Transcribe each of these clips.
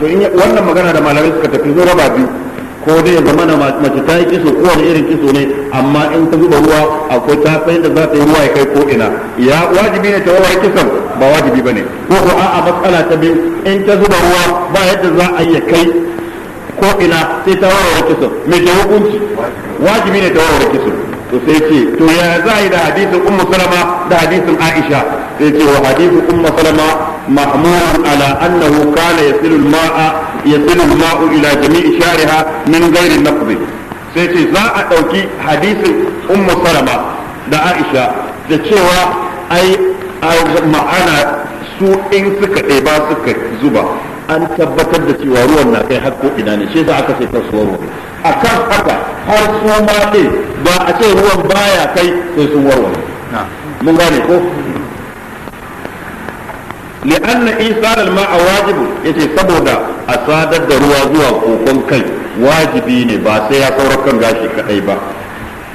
to in wannan magana da malamai suka tafi zo raba biyu ko dai ya zama mace ta yi kiso ko wani irin kiso ne amma in ta zuba ruwa akwai ta tsayin da za ta yi ruwa ya kai ko ina ya wajibi ne ta wawar kisan ba wajibi ba ne ko ko a'a matsala ta biyu in ta zuba ruwa ba yadda za a yi kai ko ina sai ta wawar kisan me ke hukunci wajibi ne ta wawar kisan to sai ce to ya za yi da hadisin ummu salama da hadisin aisha sai ce wa hadisin ummu salama محمول على أنه كان يصل الماء يصل الماء إلى جميع شعرها من غير نقض سيتي za a ɗauki hadisin ummu salama da aisha da cewa ai ma'ana su in suka ɗeba zuba an tabbatar da cewa ruwan na kai har ko ina ne shi aka sai kasuwar ruwa a kan haka har su ma ba a ce ruwan baya kai sai su warware mun gane ko li'anna isaral ma a wajibu yace saboda a sadar da ruwa zuwa kokon kai wajibi ne ba sai ya saurar kan gashi kaɗai ba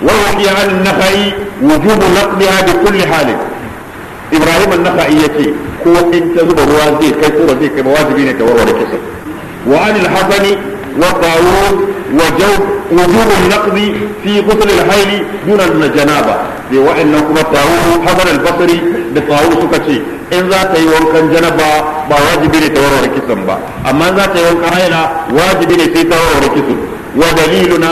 wannan ya an nahai wujubu naqliha bi kulli halin ibrahim an nahai yace ko in ta zuba ruwa zai kai ko zai kai ba wajibi ne ka warware kisa wa an alhazani wa qawun wa jaw وجوب النقض في غسل الحيل دون الجنابه بوعي لكم الطاعون حضر البصري بالطاعون سكتي in za ta yi wankan janaba ba wajibi ne ta warware kisan ba amma za ta yi wankan haila wajibi ne sai ta warware kisan wa na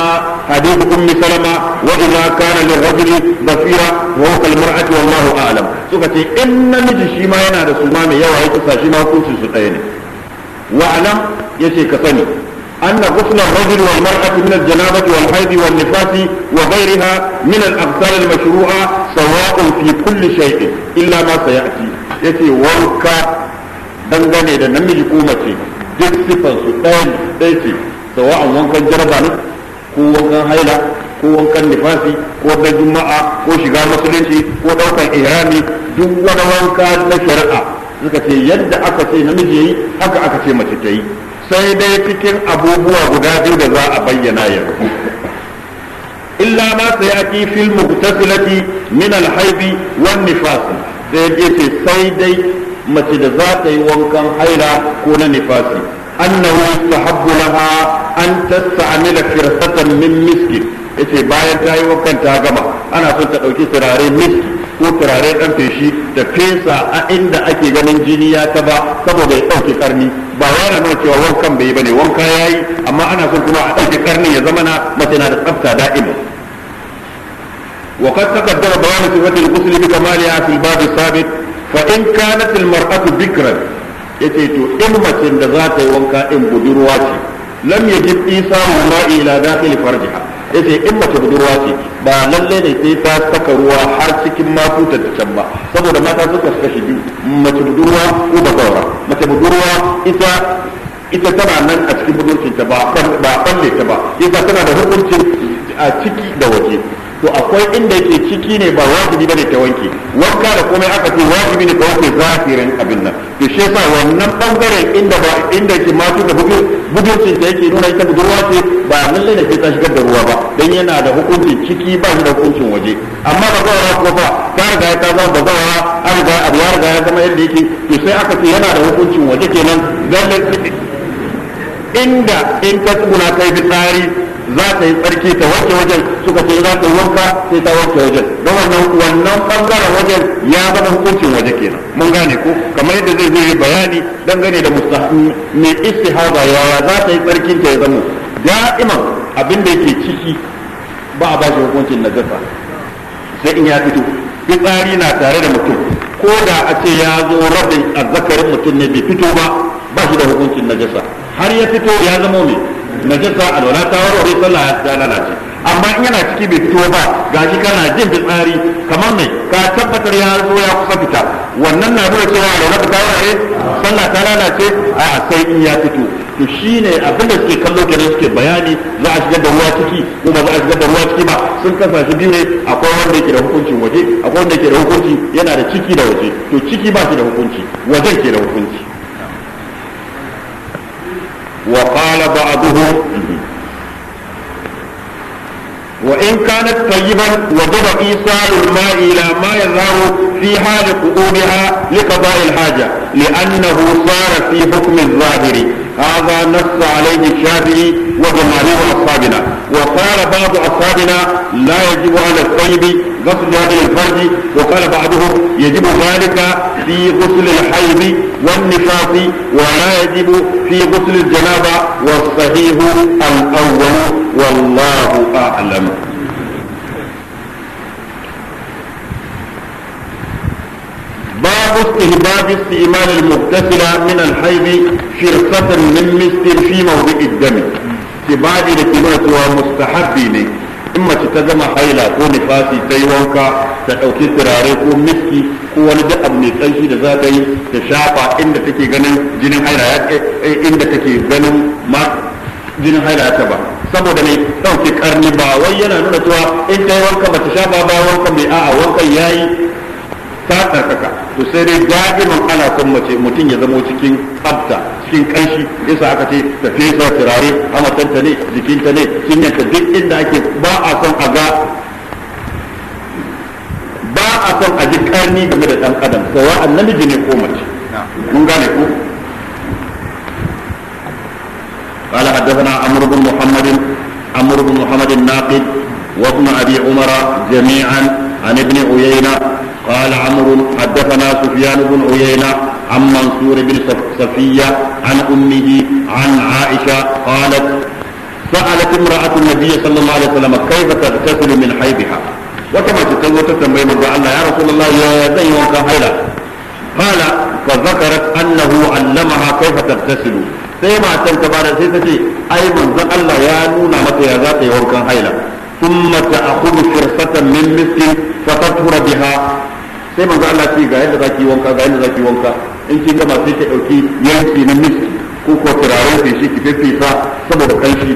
hadith ummi salama wa idza kana lirrajuli basira wa huwa kalmar'ati wallahu a'lam suka ce in namiji shi ma yana da suma mai yawa ya kisa shi ma hukuncin su ɗaya ne wa alam yace ka sani أن غسل الرجل والمرأة من الجنابة والحيض والنفاس وغيرها من الأغسال المشروعة سواء في كل شيء إلا ما سيأتي yace wanka dangane da namiji ko mace duk sifan su ɗaya ɗaya ce sawa'an wankan jaraba ne ko wankan haila ko wankan nifasi ko na juma'a ko shiga musulunci ko ɗaukar ihrami duk wani wanka na shari'a suka ce yadda aka ce namiji yayi haka aka ce mace ta yi sai dai cikin abubuwa guda biyu da za a bayyana yanzu illa ma sayati fil mughtasilati min al-haidi wan nifasi sai ya ce sai dai mace da za ta yi wankan haila ko na nifasi annahu sahabbu laha an tasta'mila firsatan min miski yace bayan ta yi wankan ta gama ana son ta dauki turare miski ko turare dan feshi da fesa a inda ake ganin jini ya taba saboda ya dauke karni ba yana nuna cewa wankan bai bane wanka yayi amma ana son kuma a ɗauki karni ya zama na mace na da tsafta da'ima وقد تقدم بيان صفة الغسل بكمالها في الباب السابق فإن كانت المرأة بكرا يتيتو إمة ذات وانكا إن بدرواتي لم يجب إيصال الماء إلى داخل فرجها yace in mace budurwa ce ba lalle ne sai ta saka ruwa har cikin mafutar da can ba saboda mata suka biyu mace budurwa mace budurwa ita tana nan a cikin budurcinta ba a balle ta ba ita tana da hukuncin a ciki da waje to akwai inda yake ciki ne ba wajibi bane ta wanke wanka da komai aka ce wajibi ne ka wanke zahirin abin nan to shi yasa wannan bangaren inda ba inda yake ma da bugun ce da yake nuna ita budurwa ce ba lallai da ke ta shigar da ruwa ba dan yana da hukunci ciki ba shi da hukuncin waje amma ba zawara ko ba ta riga ta zama ba zawara an riga abu ya riga ya zama yadda yake to sai aka ce yana da hukuncin waje kenan lallai inda in ka tsuna kai tsari za ta yi tsarki ta wanke wajen suka ce za ta wanka sai ta wanke wajen don wannan wannan bangaren wajen ya zama hukuncin waje kenan mun gane ko kamar yadda zai zai bayani dangane da mustahmi mai istihaba yawa za ta yi tsarkin ta ya zama da'iman abin da yake ciki ba a bashi hukuncin na zafa sai in ya fito fitsari na tare da mutum ko da a ce ya zo rabin azzakarin mutum ne bai fito ba ba shi da hukuncin jasa har ya fito ya zama mai a alwala ta warware sallah ya lalace amma in yana ciki bai fito ba gashi kana jin fitsari kamar mai ka tabbatar ya zo ya kusa fita wannan na nuna cewa alwala ta warware sallah ta lalace a sai in ya fito to shine abin da suke kallo kenan suke bayani za a shigar da ruwa ciki ko ba za a shigar da ruwa ciki ba sun kasa shi biyu ne akwai wanda yake da hukuncin waje akwai wanda yake da hukunci yana da ciki da waje to ciki ba shi da hukunci wajen ke da hukunci وقال بعضهم وإن كانت طيبا وجب إيصال الماء إلى ما يظهر في حال قدومها لقضاء الحاجة لأنه صار في حكم الظاهر هذا نص عليه الشافعي وجماهير أصحابنا وقال بعض أصحابنا لا يجب على الطيب غسل هذا الفرج وقال بعضهم يجب ذلك في غسل الحيض والنفاس ولا يجب في غسل الجنابة والصحيح الأول والله أعلم باب استهباب استئمال المغتسلة من الحيض فرصة من مستر في موضع الدم في بعض ومستحب ليه in mace ta zama haila ko nifasi ta yi wanka ta ɗauki turare ko miski ko wani duk abu mai tsanki da za ta yi ta shafa inda take ganin jinin haila ya eh, inda take ganin ma jinin haila ya ba saboda mai ɗauki ƙarni ba wai yana nuna cewa in ta yi wanka ba ta shafa ba wanka mai a'a wankan ya yi. ta kaka to sai dai da'iman ana son mace mutum ya zamo cikin tsabta cikin kanshi yasa aka ce ta fesa turare amatanta ne jikinta ne cinyanta duk inda ake ba a son a ga ba a son a ji karni game da dan adam sawa namiji ne ko mace mun gane ko قال حدثنا عمرو بن محمد عمرو بن محمد الناقد وابن ابي عمر جميعا عن ابن عيينه قال عمرو حدثنا سفيان بن عيينة عن منصور بن صفية عن أمه عن عائشة قالت سألت امرأة النبي صلى الله عليه وسلم كيف تغتسل من حيضها وكما تتوت تنبيه من الله يا رسول الله يا زي وكهيلة قال فذكرت أنه علمها كيف تغتسل sai ما ta bada sai ta ce ai manzon Allah ya nuna mata ya za ta yi wankan haila thumma ta'khudhu firsatan sai manzo Allah ce ga yadda zaki wanka ga yadda zaki wanka in kin gama sai ki dauki yanki na miski ko ko turaren sai shi ki fifita saboda kanshi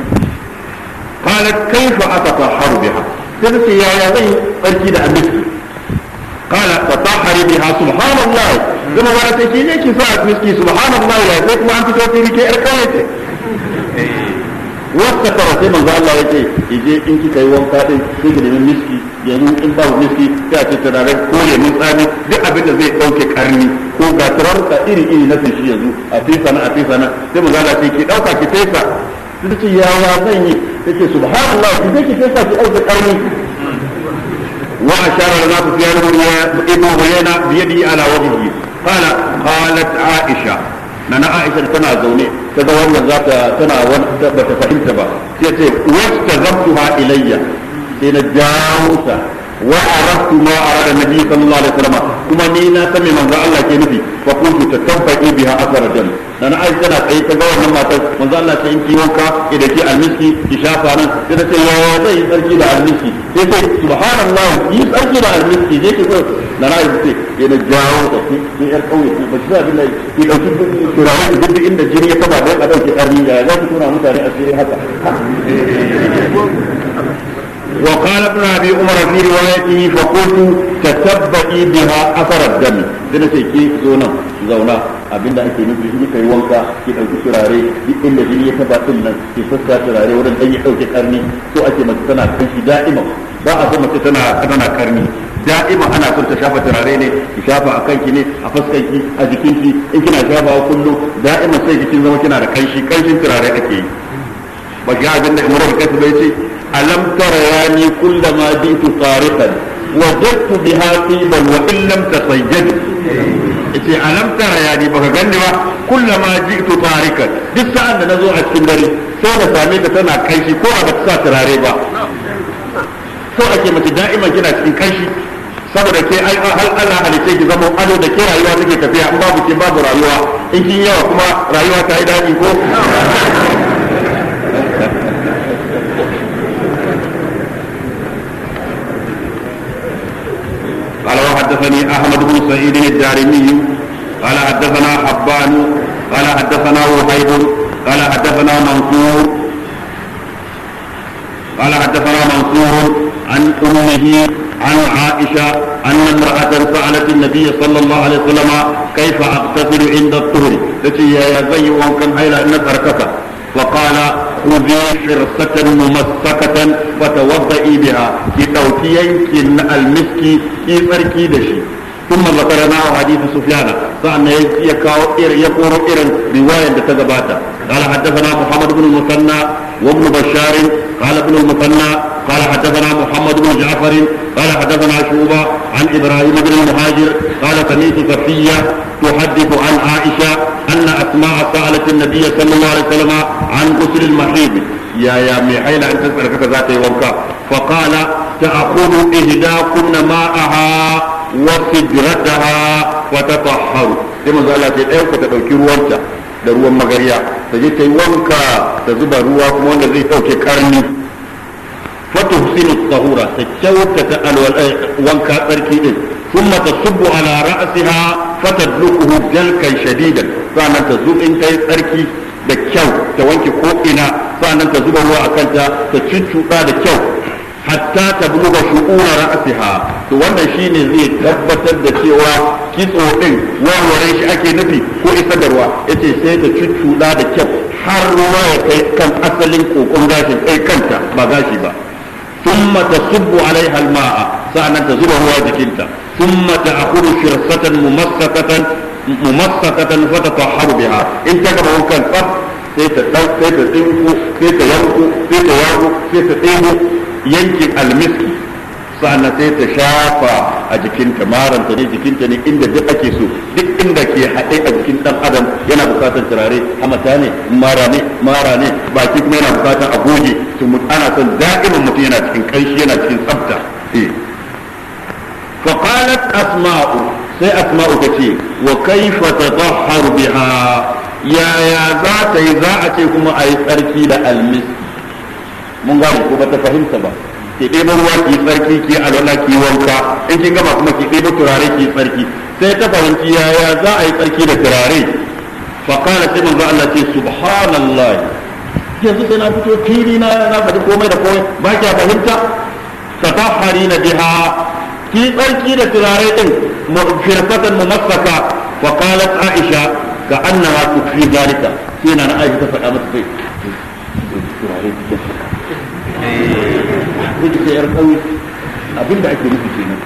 qala kayfa atatahharu biha sai ta ya ya zai barki da miski قال biha subhanallah kuma الله كما قالت ne ki sa miski subhanallah ya يا an ما أنت توفي لك إركانك wata tara sai manzo Allah ya ce ije in kika yi wanka din sai ki nemi miski yanzu in ba miski sai a ce turare ko ya mun tsami duk abin da zai dauke karni ko ga ka iri iri na shi yanzu a fesa na a fesa na sai manzo Allah ce ki dauka ki fesa sai ce ya wa zan yi sai ce subhanallah ki je ki fesa ki auka karni wa ashara lana fi yawmi ibnu huyana bi yadi ala wajhi qala qalat aisha nana aisha tana zaune kaga wannan za ta tana wani ba ta fahimta ba sai ce wasta zabtuha ilayya sai na jawo ta wa araftu ma arada nabi sallallahu alaihi wasallam kuma ni na san me manzo Allah ke nufi fa kuntu tatabbai biha athar dam dan Aisha tana tsaye ta ga wannan matar manzo Allah ke in kiwon ka idan ki almiski ki shafa nan sai ce ya zai sarki da almiski sai ce subhanallah yi sarki da almiski je ki ko dan Aisha ce ya da jawo ka ki ki yar kauye ki ba shi da billahi ki dauki turawa duk inda jini ya taba da ka dauki karni ya za ku tura mutane asiri haka وقال ابن ابي عمر في روايته فقلت تتبعي بها اثر الدم دنا سيكي زونا زونا abinda ake nufi shi kai wanka ki dauki turare duk inda jini ya taba din nan ki fuska turare wurin dan ya dauki karni so ake mace tana kan shi da'ima ba a so mace tana tana karni da'ima ana son ta shafa turare ne ki shafa a kanki ne a fuskan ki a jikin ki in kina shafa a kullum da'ima sai kin zama kina da kanshi kanshin turare ake yi ba ga abin da Imran Kasib ya ce alam tara yani kullama jitu tariqan wajadtu biha tiban wa in lam tasajjad ite alam tara baka ganni ba kullama jitu tariqan duk sa'an da nazo a cikin dare sai da same ta tana kanshi ko a baka sa turare ba so ake mace da'ima kina cikin kanshi saboda ke ai hal Allah halice ki zama ado da ke rayuwa take tafiya in babu ke babu rayuwa in kin yawa kuma rayuwa ta yi daɗi ko حدثني احمد بن سعيد الدارمي قال حدثنا حبان قال حدثنا وهيب قال حدثنا منصور قال حدثنا منصور عن امه عن عائشه ان امراه سالت النبي صلى الله عليه وسلم كيف اغتسل عند الطهر تتي يا زي وان كان هيلا ان تركتها خذي حرصة ممسكة فتوضئي بها في توكيين كن المسكي في فركي دشي ثم ذكر معه حديث سفيان فأن يكاو إر يقول إر رواية تتباتا قال حدثنا محمد بن المثنى وابن بشار قال ابن المثنى قال حدثنا محمد بن جعفر قال حدثنا شوبة عن إبراهيم بن المهاجر قال سمعت صفية تحدث عن عائشة أن أسماء سألت النبي صلى الله عليه وسلم عن غسل المحيض يا يا ميحيل أن تسأل كذا ذات وانكا فقال تأخذ إهداكن ماءها وسدرتها وتطهر كما قال لك تعالى فتدوكي روانتا دروا مغريا magariya ta je ta yi wanka ta zuba ruwa kuma wanda zai sauke karni ثم تصب على رأسها فتدلكه جلكا شديدا sannan ta yi in tsarki da kyau ta wanke ko'ina ina sannan ta zuba ruwa a kanta ta cuccuɗa da kyau hatta ta buluga shu'ura ra'asiha to wannan shine zai tabbatar da cewa kitso din warware shi ake nufi ko isadarwa yace sai ta cuccuda da kyau har ruwa ya kai kan asalin kokon gashin kai eh, kanta ba gashi ba thumma tasubbu alaiha alma'a sa'annan ta zuba ruwa jikinta thumma ta'khudhu shirsatan mumassakatan mumassakatan fatatahharu biha in ta gama wankan tsaf sai ta dau sai ta tsinko sai ta yanko sai ta yago sai ta tsinko yankin almiski sannan sai ta shafa a jikinta maranta ne jikinta ne inda duk ake so duk inda ke haɗe a jikin ɗan adam yana bukatar turare hamata ne mara ne mara ne baki kuma yana bukatar a goge son da'iman mutu yana cikin kanshi yana cikin tsafta فقالت eh. أسماء sai asma'u ta ce wa kaifa tatahhar biha yaya za ta yi za a ce kuma a yi tsarki da almis mun ku ko bata fahimta ba ki ɗebo ruwa ki tsarki ki alwala ki wanka in kin gama kuma ki ɗebo turare ki tsarki sai ta fahimci yaya za a yi tsarki da turare fa kana sai manzo Allah ce subhanallah yanzu sai na fito fili na na faɗi komai da komai ba kya fahimta tatahharina biha ki tsarki da turare din firfatan mumassaka wa qalat aisha ga annaha tukfi zalika sai na aisha ta faɗa mata sai ta saka kuka abinda ake nufi kenan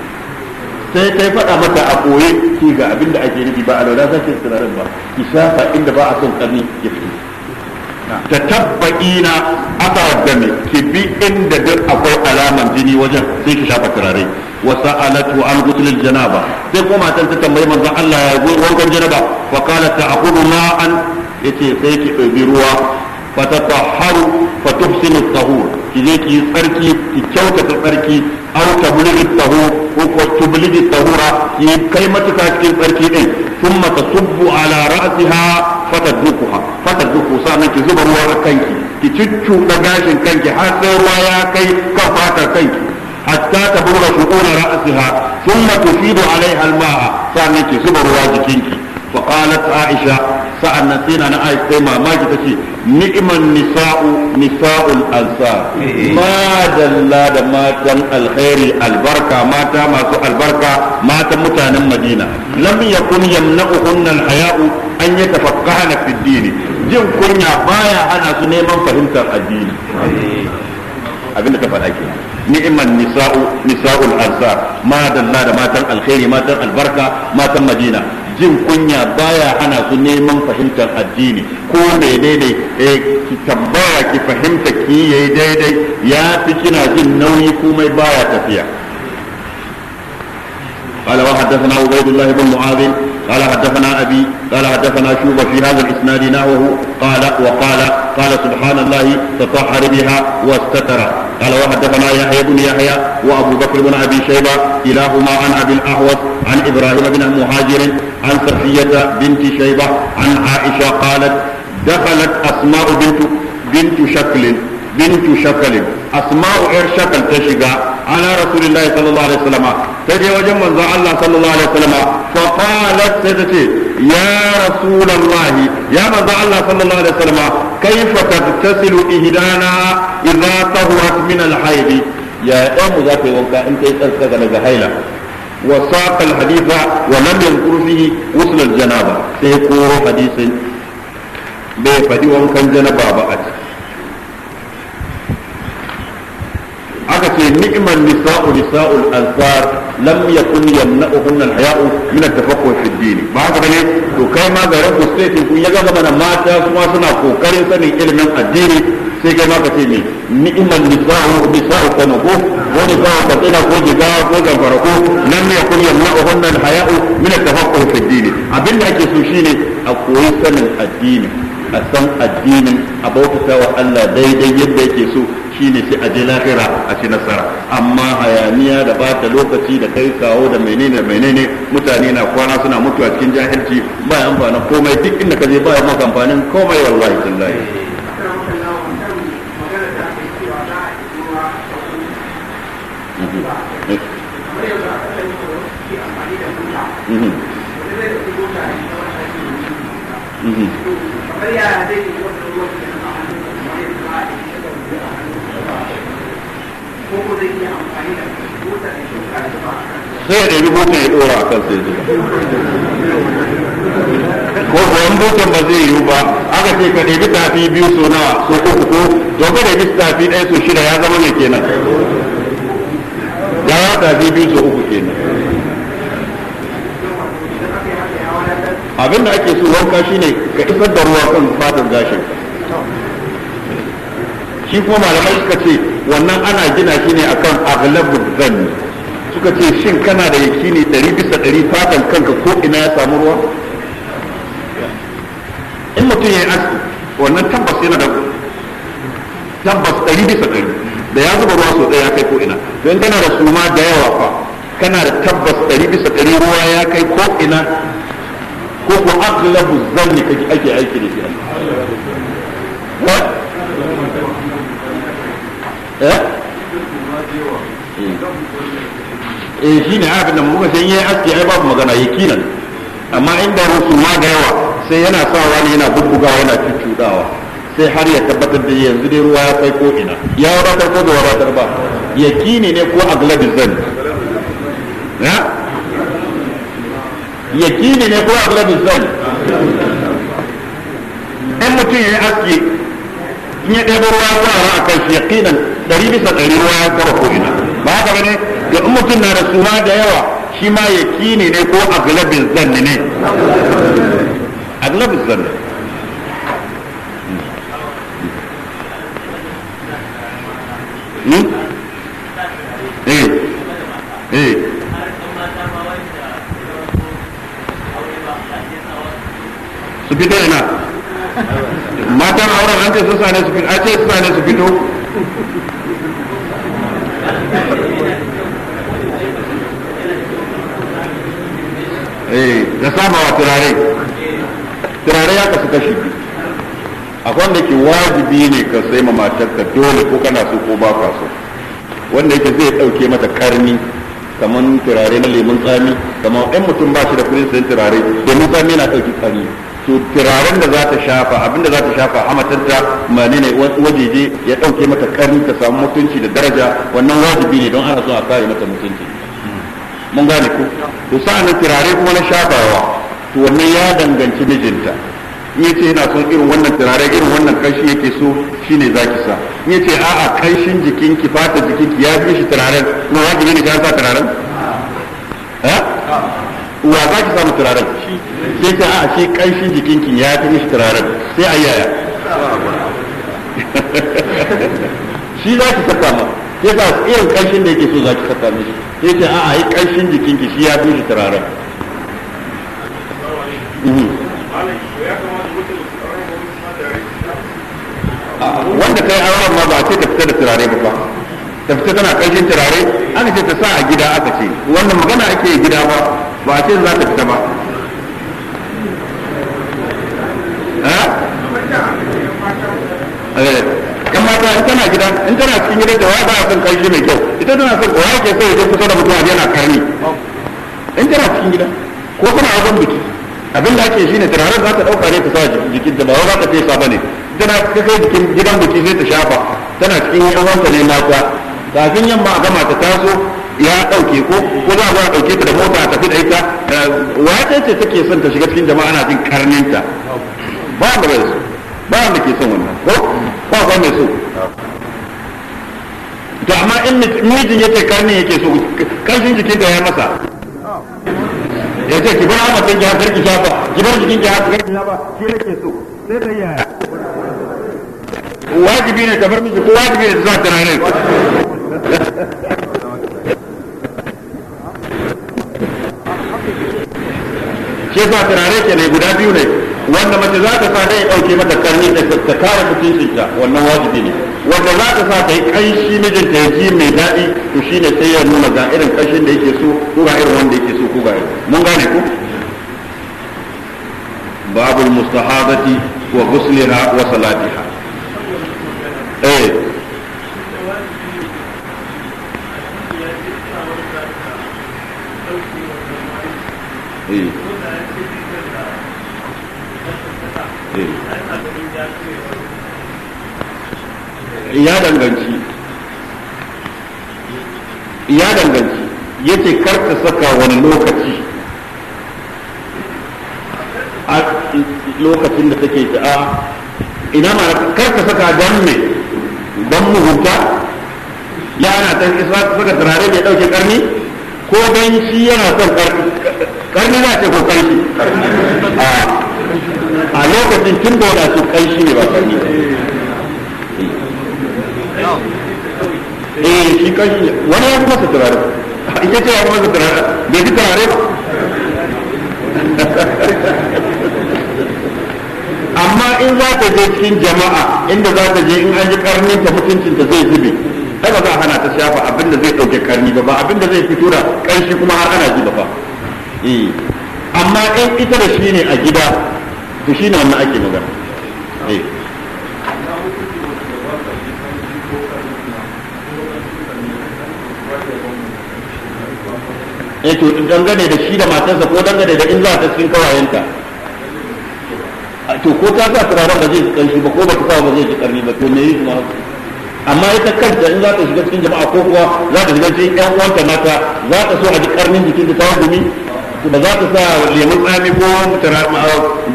sai kai faɗa mata a koye ki ga abinda ake nufi ba a laura sai turaren ba ki shafa inda ba a son karni ya fi ta tabbaki na aka game ki bi inda duk akwai alaman jini wajen sai ki shafa turare wa sa'alatu an gutlil janaba sai kuma matan ta tambayi manzo Allah ya goyi wankan janaba fa qalat ta'khudhu ma'an yace sai ki ɗebi ruwa fa tatahharu fa tuhsinu tahur ki je ki tsarki ki kyautata tsarki aw tablighi tahur ko ko tablighi tahura ki kai matuka cikin tsarki din thumma tasubbu ala ra'siha fataddukuha fatadduku sanan ki zuba ruwa kanki ki cuccuɗa gashin kanki har sai ruwa ya kai kan fatar kanki hatta tabluga shuquna ra'siha thumma tufidu alaiha al-ma'a sanan ki zuba ruwa jikinki fa qalat aisha sa'an nan sai na aisha sai mamaki ta ce ni'iman nisa'u nisa'ul ansar ma dalla da matan alkhairi albarka mata masu albarka matan mutanen madina lam yakun yamna'uhunna haya'u an yatafaqqahna fi din jin kunya baya ana su neman fahimtar addini abinda ta faɗa kenan ni'man nisa'u nisa'ul ansar ma dalla da matan alkhairi matan albarka matan madina jin kunya baya hana su neman fahimtar addini ko menene ki tambaya ki fahimta ki yayi daidai ya fi kina jin nauyi komai baya tafiya قال وحدثنا عبيد الله بن معاذ قال حدثنا ابي قال حدثنا شوبة في هذا الاسناد نحوه قال وقال قال سبحان الله تطهر بها واستتر قال وحدثنا يحيى بن يحيى وابو بكر بن ابي شيبه كلاهما عن ابي الاحوص عن ابراهيم بن مهاجر عن صفيه بنت شيبه عن عائشه قالت دخلت اسماء بنت بنت شكل بنت شكل اسماء غير شكل تشيغا على رسول الله صلى الله عليه وسلم ta je wajen manzon Allah sallallahu alaihi wasallam fa qalat ta ce ya rasulullah ya manzon Allah sallallahu alaihi wasallam kaifa tattasilu ihdana idza tahwat min al-hayd ya ɗan mu za ta yi wanka in ta yi tsarkaka daga haila وساق الحديث ولم يذكر فيه غسل Sai سيكون حديث bai faɗi wankan janaba ba a ciki aka ce ni'man nisa'u nisa'ul ansar lam yakun yamna'uhunna al-haya'u min at-tafaqquh fi ad-din ba haka bane to kai ma ga rabu sai kun ya ga mana mata kuma suna kokarin sanin ilimin addini sai kai ma ka ce ne ni'man nisa'u nisa'u kanu ko wani ba ko jiga ko gambara ko lam yakun yamna'uhunna al-haya'u min at-tafaqquh fi ad-din abinda ake so shine a koyi sanin addini a san addinin a bautata wa Allah daidai yadda yake so ne sai a je lahira a ci nasara amma hayaniya da ba ta lokaci da kai kawo da menene da menene mutane na kwana suna mutuwa cikin jahilci ba ya amfana komai duk inda ka je ba ya maka amfanin komai wallahi tallahi Mm-hmm. mm-hmm. mm-hmm. sai ya ɗari butan ya ɗora a kan sai zuwa ko kuwan butan ba zai yiwu ba aka ce ka ɗabi tafi biyu so na so ko ko to ka ɗabi tafi ɗaya so shida ya zama ne kenan ya tafi biyu so abin da ake so wanka shine ka isar da ruwa kan fatar gashin shi kuma malamai suka ce wannan ana gina shi ne akan aghlabu zanni suka ce shin kana da ne ɗari bisa ɗari fatan kanka ko ina ya samu ruwa in mutum ya yi aski wannan tabbas yana da tabbas ɗari bisa ɗari da ya zuba ruwa sau ɗaya ya kai ko ina don kana da suma da yawa fa kana da tabbas ɗari bisa ɗari ruwa ya kai ko ina ko ko aglabu zanni kake ake aiki da shi eh? eh eh shi abin da muka san yayi aski ai babu magana nan amma inda rusu ma da yawa sai yana sawa ne yana bubbugawa yana cuccudawa sai har ya tabbatar da yanzu dai ruwa ya kai ko ina ya wadatar ko da wadatar ba yakini ne ko aglabu zanni yakini ne ko aghlabul zann in mutum ya yi aski in ya ɗebo ruwa ko a kan shi yakinan ɗari bisa ɗari ruwa ya tsara ko ina ba haka ne ga in mutum na da suna da yawa shi ma yakini ne ko aghlabul zann ne aghlabul zann hmm? Eh, eh. su fito ina matan auren an ce sun sane su fito a ce su fito eh, da sama wa turare turare ya kasu kashi akwai wanda ke wajibi ne ka sai ma matarka dole ko kana so ko ba ka so wanda yake zai dauke mata karni kamar turare na lemun tsami kamar ɗan mutum ba shi da kudin sayan turare domin tsami na ɗauki tsami to turaren da za ta shafa abinda za ta shafa hamatanta manene wajeje ya ɗauke mata ƙarni ta samu mutunci da daraja wannan wajibi ne don ana so a kare mata mutunci mun gane ku. to sa'an turare kuma na shafawa to wannan ya danganci mijinta in yace yana son irin wannan turare irin wannan kashi yake so shine ki sa in yace a'a kanshin jikinki fata jikinki ya fi shi turaren kuma wajibi ne ka sa turaren ha wa za ki samu turaren sai ta a shi ƙanshin jikinki ya fi mishi turaren sai a yaya shi za ki saka ma Sai sa irin ƙanshin da yake so za ki saka mishi sai ta a yi ƙanshin jikinki shi ya fi mishi turaren mhm. wanda kai auren ma ba a ce ka fita da turare ba ba ta fita tana ƙanshin turare aka ce ta sa a gida aka ce wannan magana ake gida ba ba ce za ta fita ba yan eh, mata in tana gida in tana cikin gida da waya baya son karshi mai kyau ita tana son waya ke so ya kusa da mutum a yana karni in tana cikin gida ko kana wajen biki abin da ake shine turaren za ta dauka ne ta sa jikin da ba za ta fesa ba ne tana kai jikin gidan biki sai ta shafa tana cikin yan wanta ne mata kafin yamma a gama ta taso ya dauke ko ko za a dauke ta da mota ta tafi da ita eh, wace ce take son ta shiga cikin jama'a ana jin karnin ta ba da bai so ba wanda ke son wannan ko ba ba mai so to amma in mijin yake karnin yake so karshen jikin da ya masa ya ce ki bar sai ki har ki ba ki bar jikin ki har ki ba shi yake so sai da yaya wajibi ne ta bar miji ko wajibi ne ta sa tunanin shi ba turare ke ne guda biyu ne wanda mace za ta sa ya ɗauke mata karni ta kare mutuncin ta wannan wajibi ne wanda za ta sa ta yi kanshi mijinta ya ji mai daɗi to ne sai ya nuna ga irin kanshin da yake so ko ga irin wanda yake so ko ga mun gane ku babul mustahabati wa ghusliha wa salatiha eh ya danganci ya danganci ya ce karka saka wani lokaci a lokacin da take a ina ma karka saka don me mu huta ya ana ta saka turare da dauke karni ko dan shi yana son karni karni za ce ko karni a lokacin tun da wadace karni ne ba karni eh shi kashi wani ya kuma turare ita ce ya kuma turare bai ji turare ba amma in za ta je cikin jama'a inda za ta je in an ji karnin ta mutuncin ta zai zube kada za a hana ta shafa abinda zai dauke karni ba ba abin zai fito da karshi kuma har ana ji ba fa eh, amma in ita da shi ne a gida to shi ne wannan ake magana eh ya eh, to dangane da shi da matarsa ko dangane da in za ta cikin kawayenta to ko ta sa turaren ba zai ji ƙarfi ba ko ba ta sa ba zai ji ƙarfi ba to me yi kuma amma ita kanta in za ta shiga cikin jama'a ko kuwa za ta shiga cikin ƴan uwanta mata za ta so a ji ƙarnin jikin da ta gumi ba za ta sa lemun tsami ko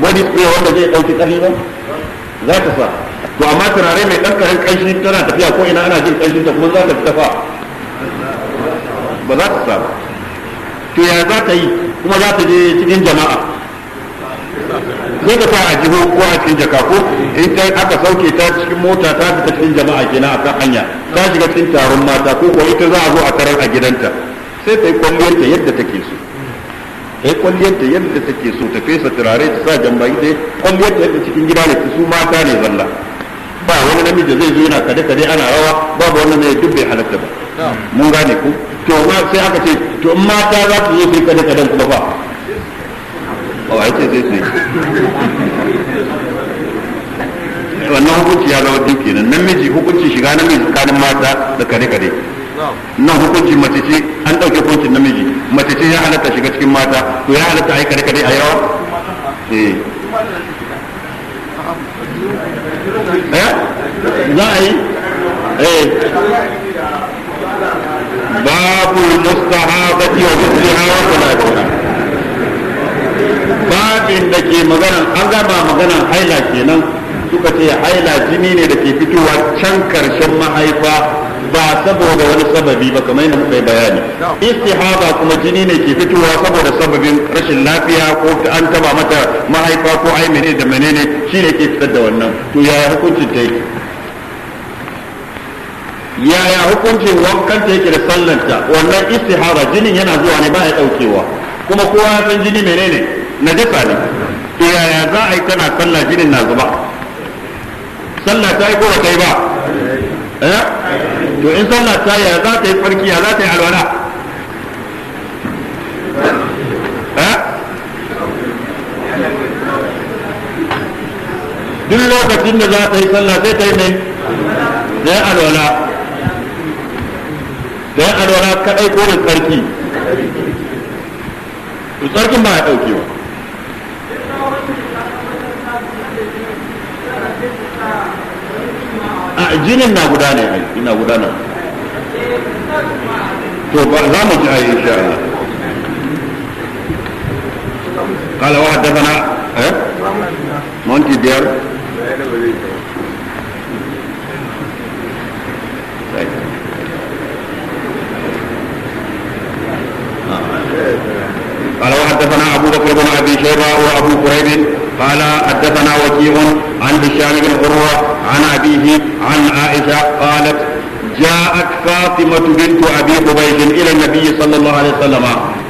body spray wanda zai ɗauki ƙarfi ba za ta sa to amma turare mai ɗankarin ƙanshi tana tafiya ko ina ana jin ƙanshin ta kuma za ta fita fa ba za ta sa ba to ya za ta yi kuma za ta je cikin jama'a zai ka sa a jiho ko a cikin jaka ko in ta aka sauke ta cikin mota ta fita cikin jama'a kenan kan hanya ta shiga cikin taron mata ko ko ita za a zo a tarar a gidanta sai ta yi kwalliyarta yadda take so ta yi kwalliyarta yadda take so ta fesa turare ta sa jamba ita kwalliyarta yadda cikin gida ne su mata ne zalla ba wani namiji zai zo yana kade-kade ana rawa babu wannan ne duk bai halatta ba mun gane ku to ma sai aka ce to mata za su zo sai kada kadan kuma fa ba ai ce sai sai wannan hukunci ya zama duk kenan namiji hukunci shiga namiji tsakanin mata da kare kare nan hukunci mace ce an dauke hukuncin namiji mace ce ya halatta shiga cikin mata to ya halatta a yi kare kare a yawa eh. eh za a yi eh babu mustahabati wa mithliha wa salatiha babin da ke magana an gaba maganan haila kenan suka ce haila jini ne da ke fitowa can karshen mahaifa ba saboda wani sababi ba kamar yadda muka yi bayani istihaba kuma jini ne ke fitowa saboda sababin rashin lafiya ko an taba mata mahaifa ko ai menene da menene shine ke fitar da wannan to yaya hukuncin ta yaya hukuncin wankanta yake da sallanta wannan istihara jinin yana zuwa ne ya daukewa kuma kowa ya san jini menene na najasa ne to yaya za a yi tana sallah jinin na zuba sallah ta yi ko ba ta yi ba eh? to in sallah ta yaya za ta yi farki ya za ta yi alwala eh? duk lokacin da za ta yi sallah sai ta yi mai da alwala da yan alwala kadai ko da tsarki to tsarkin ba ya dauke ba a jinin na gudana ai ina gudana to ba za mu ji ai insha Allah قال وحدثنا ها؟ مونتي ديار بن ابي شيبه وابو كريب قال حدثنا وكيع عن هشام بن عروه عن ابيه عن عائشه قالت جاءت فاطمه بنت ابي قبيس الى النبي صلى الله عليه وسلم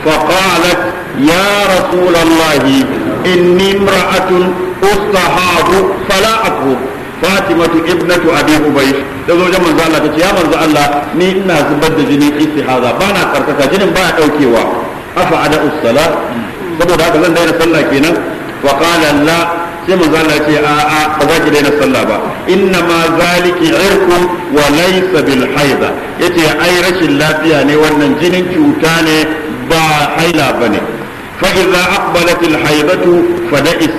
فقالت يا رسول الله اني امراه اصطحاب فلا اكفر فاطمة ابنة أبي ubaysh da zo wajen manzo Allah tace ya manzo Allah ni ina zubar da jini istihaza bana karkata jinin baya daukewa saboda haka zan daina sallah kenan wa qala la sai manzo Allah ce a a ba za ki daina sallah ba inna ma zaliki irqu wa laysa bil haida yace ai rashin lafiya ne wannan jinin cuta ne ba haila bane fa idza aqbalat al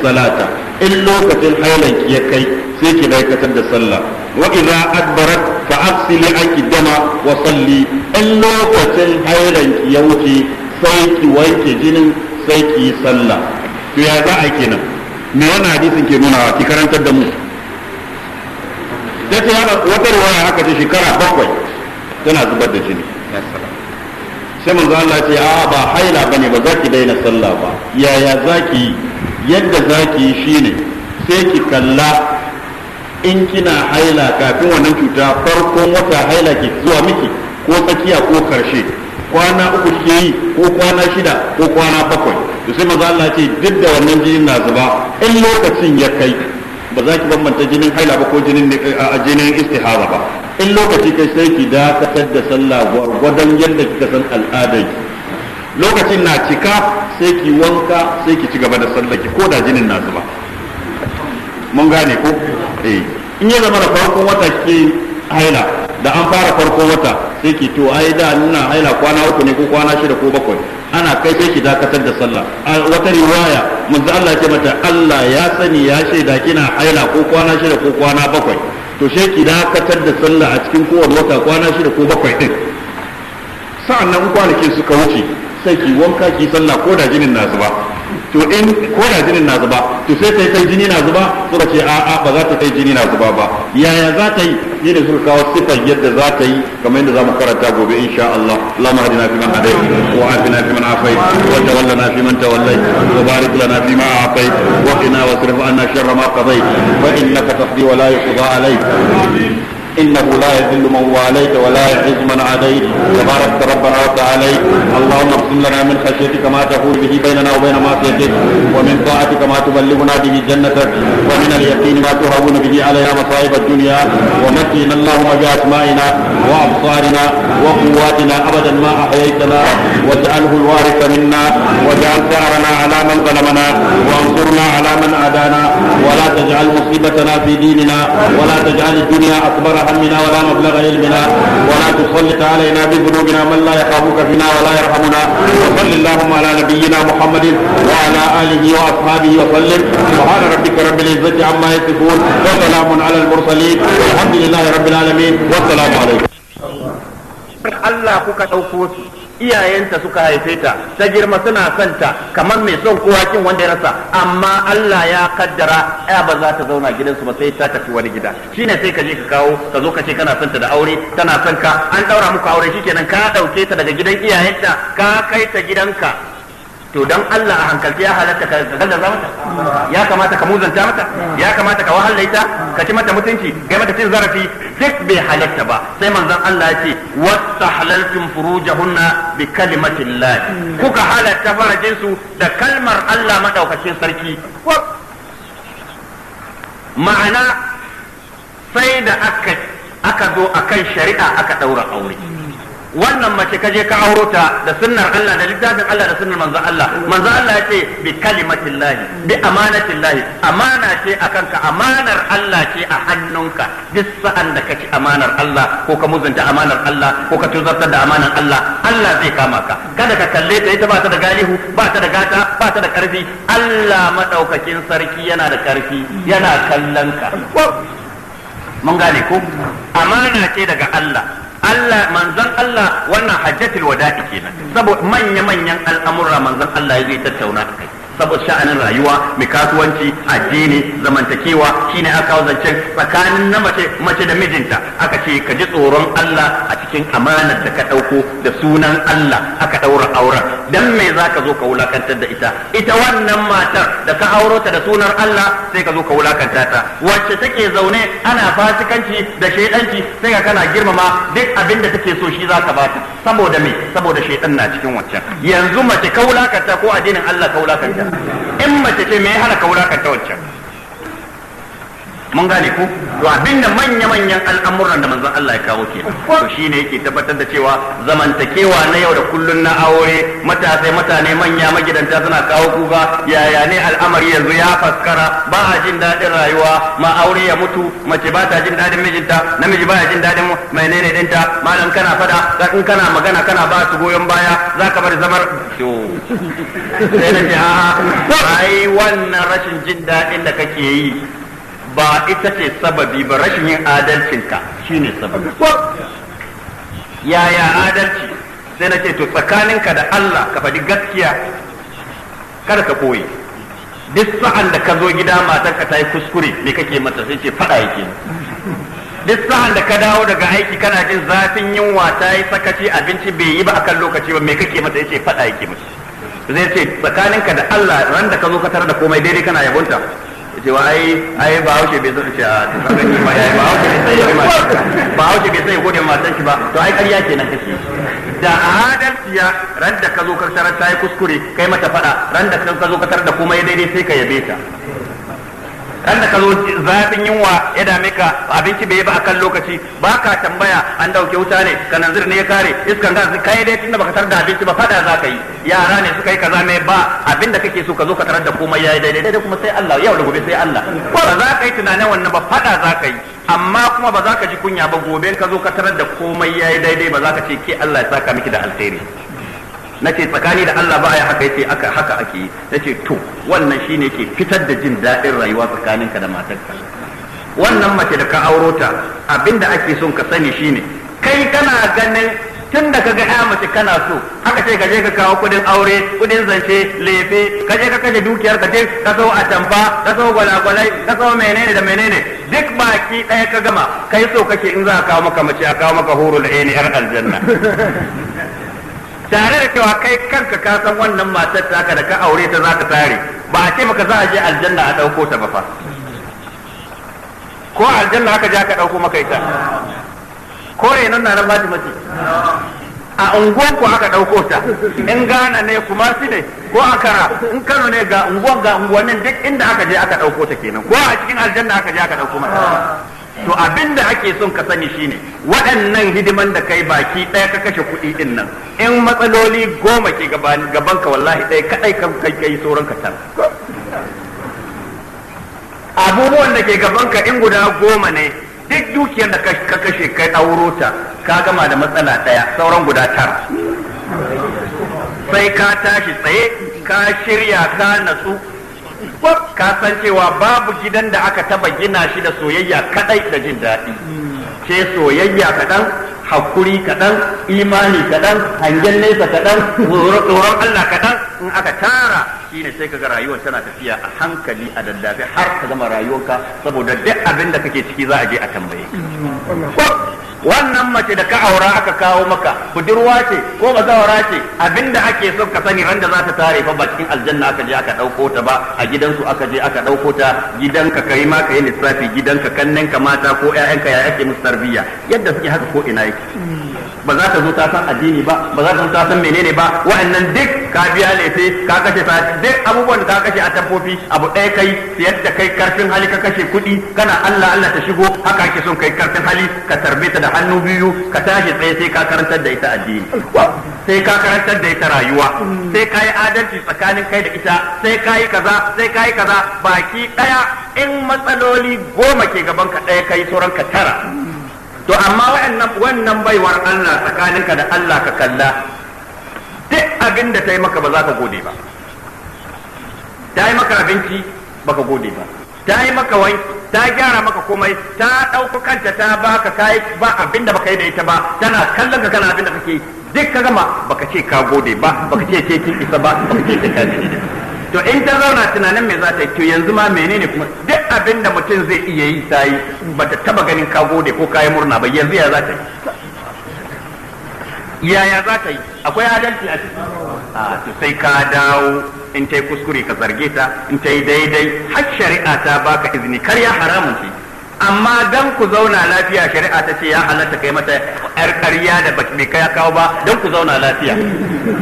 salata in lokacin hailan ki ya kai sai ki dakatar da sallah wa idza adbarat fa afsili dama wa salli in lokacin hailan ki ya wuce sai ki wanke jinin sai ki yi sallah to ya za a kenan me wannan hadisin ke nuna ki karantar da mu ta ce wata ruwaya haka ce shekara bakwai tana zubar da jini sai manzo Allah ce a ba haila bane ba za ki daina sallah ba yaya za ki yi yadda za ki yi shine sai ki kalla in kina haila kafin wannan cuta farkon wata haila ke zuwa miki ko tsakiya ko karshe kwana uku suke yi ko kwana shida ko kwana bakwai to sai maza Allah ce duk da wannan jinin na zuba in lokacin ya kai ba za ki bambanta jinin haila ba ko jinin eh, jinin istihara ba in lokaci kai sai ki dakatar da sallah gwargwadon yadda kika san al'adar lokacin na cika sai ki wanka sai ki ci gaba da sallah ki ko da jinin na zuba mun gane ko eh in ya zama da farkon wata ke haila da an fara farkon wata sai ki to ai da nuna haila kwana uku ne ko kwana shida ko bakwai ana kai sai ki dakatar da sallah a wata riwaya manzo Allah ya ce mata Allah ya sani ya shaida kina haila ko kwana shida ko kwana bakwai to sai ki dakatar da sallah a cikin kowane wata kwana shida ko bakwai din sa'annan kwanakin suka wuce sai ki wanka ki sallah ko da jinin nasu ba to in ko da jinin na zuba to sai kai kai jini na zuba suka ce a'a ba za ta kai jini na zuba ba yaya za ta yi ne da suka kawo sifan yadda za ta yi kamar yadda za mu karanta gobe insha Allah Allahumma hadina fi man hadayt wa afina fi man afayt wa tawallana fi man tawallait wa barik lana fi ma a'tayt wa qina wasrif anna sharra ma qadayt fa innaka taqdi wa la yuqda alayk إنه لا يذل من واليك ولا يعز من عليك تبارك ربنا وتعالى اللهم اقسم لنا من خشيتك ما تحول به بيننا وبين معصيتك ومن طاعتك ما تبلغنا به جنتك ومن اليقين ما تهون به علينا مصائب الدنيا ومتنا اللهم بأسمائنا وأبصارنا وقواتنا أبدا ما أحييتنا واجعله الوارث منا واجعل ثأرنا على من ظلمنا وانصرنا على من عادانا ولا تجعل مصيبتنا في ديننا ولا تجعل الدنيا أكبر همنا ولا مبلغ علمنا ولا تسلط علينا بذنوبنا من لا يخافك فينا ولا يرحمنا وصل اللهم على نبينا محمد وعلى اله واصحابه وسلم سبحان ربك رب العزه عما يصفون وسلام على المرسلين والحمد لله رب العالمين والسلام عليكم الله iyayenta suka haife ta ta girma suna santa kamar mai son kowa kin wanda ya rasa amma Allah ya kaddara ya ba za ta zauna gidansu ba sai ta tafi wani gida shine sai ka je ka kawo ka zo ka ce kana santa da aure tana son ka an daura muku aure shikenan ka dauke ta daga gidan iyayenta ka kai ta gidanka to dan Allah a hankalci ya halatta ka mata ya kamata ka muzanta mata ya kamata ka wahala ita ka ci mata mutunci ga mata cin zarafi duk bai halatta ba sai manzon Allah ya ce wastahlaltum furujahunna bi kalimatillah kuka halatta farajin su da kalmar Allah madaukakin sarki ma'ana sai da aka aka zo akan shari'a aka daura aure wannan mace ka je ka auro ta da sunnar Allah da littafin Allah da sunnar manzon Allah manzon Allah ya ce bi kalimatin lahi bi amanatin lahi amana ce akan ka amanar Allah ce a hannunka duk sa'an da kaci amanar Allah ko ka muzanta amanar Allah ko ka tuzarta da amanar Allah Allah zai kama ka kada ka kalle ta ita ba ta da galihu ba ta da gata ba ta da karfi Allah madaukakin sarki yana da karfi yana kallon ka mun gane ko amana ce daga Allah Allah manzon Allah wannan hajjatul wada'i kenan saboda manya manyan al'amura manzon Allah ya zai tattauna kai saboda sha'anin rayuwa mai kasuwanci addini zamantakewa shine aka kawo zancen tsakanin na mace mace da mijinta aka ce ka ji tsoron Allah a cikin amanar da ka ɗauko da sunan Allah aka ɗaura auren dan me za ka zo ka wulakantar da ita ita wannan matar da ka auro ta da sunan Allah sai ka zo ka wulakanta ta wacce take zaune ana fasikanci da shaidanci sai ka kana girmama duk abin da take so shi za ka bata saboda me saboda shaidan na cikin wancan yanzu mace ka wulakanta ko addinin Allah ka wulakanta in mace ce me ya hana ka wulakanta wancan mun gane ku to abinda manya-manyan al'amuran da manzon Allah ya kawo ke to shine yake tabbatar da cewa zamantakewa na yau da kullun na aure matasai mutane manya magidanta suna kawo kuka yaya ne al'amari yanzu ya faskara ba a jin daɗin rayuwa ma aure ya mutu mace ba ta jin daɗin mijinta namiji ba ya jin daɗin menene dinta malam kana fada in kana magana kana ba su goyon baya zaka bar zamar to sai na ce a'a ai wannan rashin jin daɗin da kake yi ba ita ce sababi ba rashin yin adalcinka ne sababi yaya adalci sai na ce to tsakaninka da Allah ka faɗi gaskiya kada ka koyi duk sa'an da ka zo gida matarka ta yi kuskure me kake mata sai ce faɗa yake duk sa'an da ka dawo daga aiki kana jin zafin yunwa ta yi sakaci abinci bai yi ba a kan lokaci ba me kake mata ce faɗa yake mata zai ce tsakaninka da Allah ran da ka zo ka tarar da komai daidai kana yabonta ce wa ai ai ba hauce bai zai ce a ta gani ba ya ba hauce bai sai ya ba hauce bai sai gode matan shi ba to ai ƙarya kenan kace da adalci ya ran da ka zo ka tarar ta yi kuskure kai mata fada ran da ka zo ka tarar da komai daidai sai ka yabe ta kan da ka zo zafin yunwa ya dame ka abinci bai ba a kan lokaci ba ka tambaya an dauke wuta ne kananzir ne ya kare iskan gas kai dai tunda baka tar da abinci ba fada za ka yi yara ne suka yi kaza mai ba abin da kake so ka zo ka tarar da komai yayi daidai daidai kuma sai Allah yau da gobe sai Allah ba za ka yi tunanin wannan ba fada za ka yi amma kuma ba za ka ji kunya ba gobe ka zo ka tarar da komai yayi daidai ba za ka ce ke Allah ya saka miki da alheri nace tsakani da Allah ba ya haka yace aka haka ake yi nace to wannan shine yake fitar da jin daɗin rayuwa tsakaninka da matarka wannan mace da ka auro ta abinda ake son ka sani shine kai kana ganin tun da ka ga ya mace kana so haka ce ka je ka kawo kudin aure kudin zance lefe ka je ka kaje dukiyar ka je ka a tamba ka sau gwalagwalai ka zo menene da menene duk baki ɗaya ka gama kai so kake in za a kawo maka mace a kawo maka horo da ne yar aljanna tare da cewa kai kanka ka san wannan matar taka da ka aure ta za ta tare ba a ce maka za a je aljanna a ɗauko ta ba fa ko aljanna haka je aka ɗauko maka ita ko renon na nan Fatima ce a unguwan ku aka ɗauko ta in gana ne kuma su ne ko kara in Kano ne ga unguwan ga unguwannin duk inda aka je aka ɗauko ta kenan ko a cikin aljanna aka je aka ɗauko mata to abin da ake son ka sani shine waɗannan hidiman da kai baki ɗaya ka kashe kuɗi ɗin nan in matsaloli goma ke gaban ka wallahi ɗaya kaɗai kan kai kai sauran ka tar abubuwan da ke gaban ka in guda goma ne duk dukiyar da ka kashe kai ɗauro ta ka gama da matsala ɗaya sauran guda tara sai ka tashi tsaye ka shirya ka natsu kwaf ka san cewa babu gidan da aka taba gina shi da soyayya kadai da jin daɗi ce soyayya kaɗan hakuri kaɗan imani kaɗan hangen nesa kaɗan tsoron Allah kaɗan in aka tara shi ne sai kaga rayuwar tana tafiya a hankali a daddafe har ka zama rayuwarka saboda duk abin da kake ciki za a je a tambaye ka mm-hmm. wannan mace da ka aura aka kawo maka budurwa ce ko bazawara ce abinda ake so ka sani randa za ta tare fa bakin aljanna aka je aka ɗauko ta ba a gidansu aka je aka ɗauko ta gidanka kai ma ka yi lissafi gidanka kannenka mata ko ƴaƴanka ya ake musu tarbiyya yadda suke haka ko ina yake ba za ka zo ta san addini ba ba za ka zo ta san menene ba wa'annan duk ka biya lefe ka kashe ta duk abubuwan da ka kashe a tamfofi abu ɗaya kai siyar da kai karfin hali ka kashe kuɗi kana Allah Allah ta shigo haka ake son kai karfin hali ka tarbe ta da hannu biyu ka tashi tsaye sai ka karantar da ita addini sai ka karantar da ita rayuwa sai ka yi adalci tsakanin kai da ita sai ka yi kaza sai ka yi kaza baki ɗaya in matsaloli goma ke gaban ka ɗaya kai sauran ka tara to amma wa'annan wannan baiwar Allah tsakaninka da Allah ka kalla duk abin da ta yi maka ba za ka gode ba ta yi maka abinci ba ka gode ba ta yi maka wanki ta gyara maka komai ta ɗauko kanta ta ba ka kayi ba abin da baka yi da ita ba tana kallon ka kana abin da kake duk ka gama baka ce ka gode ba baka ce ke kin isa ba baka ce ka to in ta zauna tunanin me za ta yi to yanzu ma menene kuma duk abin da mutum zai iya yi ta yi ba ta taba ganin ka gode ko kayi murna ba yanzu ya za ta yi yaya za ta yi akwai adalci a ciki a to sai ka dawo in ta yi kuskure ka zarge ta in ta yi daidai har shari'a ta baka izini kar ya haramun ce amma dan ku zauna lafiya shari'a ta ce ya halatta kai mata yar ƙarya da bai kai kawo ba dan ku zauna lafiya